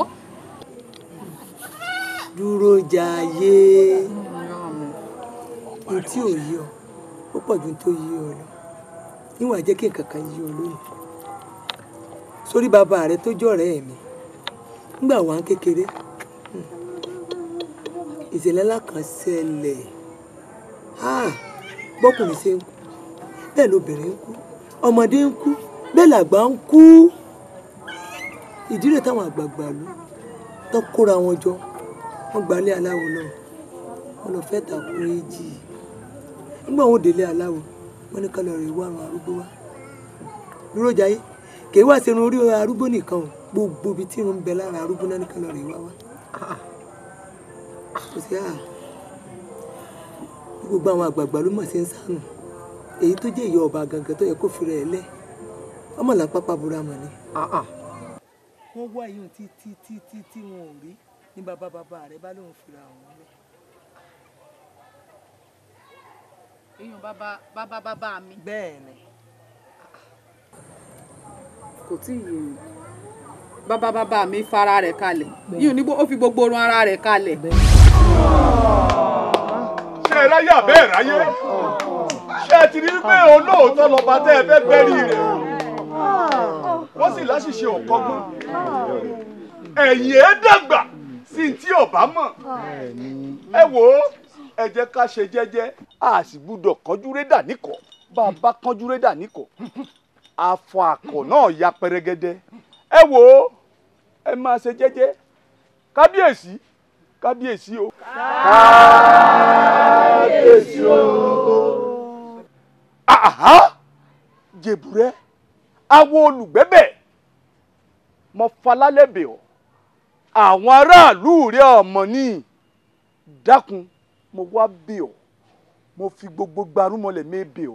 ò yí ọ ó pọ̀ sórí bàbá rẹ tó jọ ọ̀rẹ́ mi nígbà wà ń kékeré ìṣẹ̀lẹ̀ ńlá kan ṣẹlẹ̀ ah! bọ́kùnrin ṣe ń kú bẹ́ẹ̀ lóbìnrin ń kú ọmọdé ń kú bẹ́ẹ̀ làgbà ń kú ìdílé táwọn àgbààgbà ló tán kóra wọn jọ wọ́n gbalé aláwo lọ wọ́n lọ fẹ́ tàkùn èjì nígbà wọn ò délé aláwo wọ́n ní ká lọ wá àwọn arúgbó wá dúró jayé kì í wá serun orí arúgbó nìkan o gbogbo ibi tí irun bẹ lára arúgbó náà nìkan lọ́ọ́ rè wá wá. kò sí àá ah. gbogbo àwọn àgbààgbà ló mọ̀ sí ń sànù èyí tó jẹ́ ìyá ọba gangan tó yẹ kó fi rẹ̀ lẹ̀ ọmọ là pápá búra mọ̀ ni. wọ́n wá yìí ohun títí títí tí wọn ò rí ní bàbá bàbá rẹ̀ bá lóun fira òun lẹ̀. èèyàn bàbá bàbá bàbá mi. bẹ́ẹ̀ ni kò tí ì yé mi bàbá bàbá mi fara rẹ̀ kalẹ̀ yìí ní ó fi gbogbo orun ara rẹ̀ kalẹ̀. ṣé ẹ ráyè àbẹ́ ẹ̀ ráyè ṣé ẹ ti rí pé olóòótọ́ lọ́ba tẹ́ ẹ fẹ́ bẹ́rí rẹ̀ wọ́n sì láṣìṣe ọ̀kọ́gbọ́n ẹ̀yìn ẹ̀ dàgbà sí ti ọ̀bá mọ̀ ẹ wò ó ẹ jẹ́ ká ṣe jẹ́jẹ́ a sì gbúdọ̀ kánjú rédà níkọ̀ bá a bá kánjú rédà níkọ̀ afọ akọ náà ya pẹrẹgẹdẹ ẹ wò ó ẹ máa ṣe jẹ́jẹ́ kábíyèsí kábíyèsí o. kábíyèsí o. àhá jèbúrẹ́ awo olùgbẹ́bẹ̀ mo falálẹ́bẹ̀ ọ́ àwọn aráàlú rẹ̀ ọmọ ní dákun mo wá bẹ̀ o mo fi gbogbo gbarumọlẹ̀ mi mebe o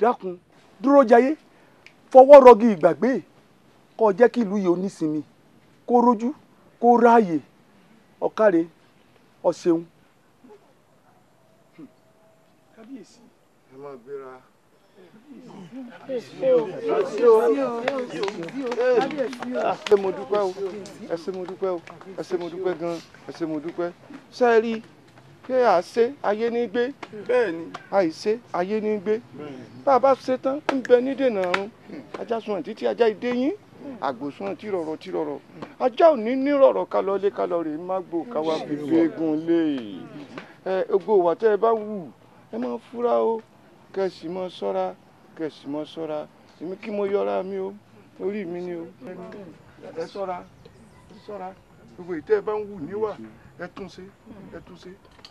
dákun dúró jayé fọwọ́ rọgí ìgbàgbé kó jẹ́ kí ìlú yìí onísinmi kó rojú kó ráàyè ọ̀kàrẹ́ ọ̀ṣẹ̀un. ẹ máa mo dúpẹ́ o ẹ ṣé mo dúpẹ́ gan-an ẹ ṣé mo dúpẹ́ ṣe kí a ṣe ayé ní gbé bẹ́ẹ̀ni àìṣe ayé ní gbé bá a bá ṣe tán ń bẹ ní dènà àrùn ajá sunwọ̀n títí ajá ìdè yín àgbòsùn tí rọrọ tí rọrọ ajá ò ní ní rọrọ kálọlé kálọrè má gbò káwa fi gbégun lé ẹ ogbó wà tẹ ẹ bá wù ẹ máa fura o kẹsì mọ ṣọ́ra kẹsì mọ ṣọ́ra èmi kí mo yọra mi o orí mi ni o ẹ ṣọ́ra ṣọ́ra gbogbo ìtẹ́ ẹ bá ń wù níwà ẹ tún ṣe ẹ tún ṣe.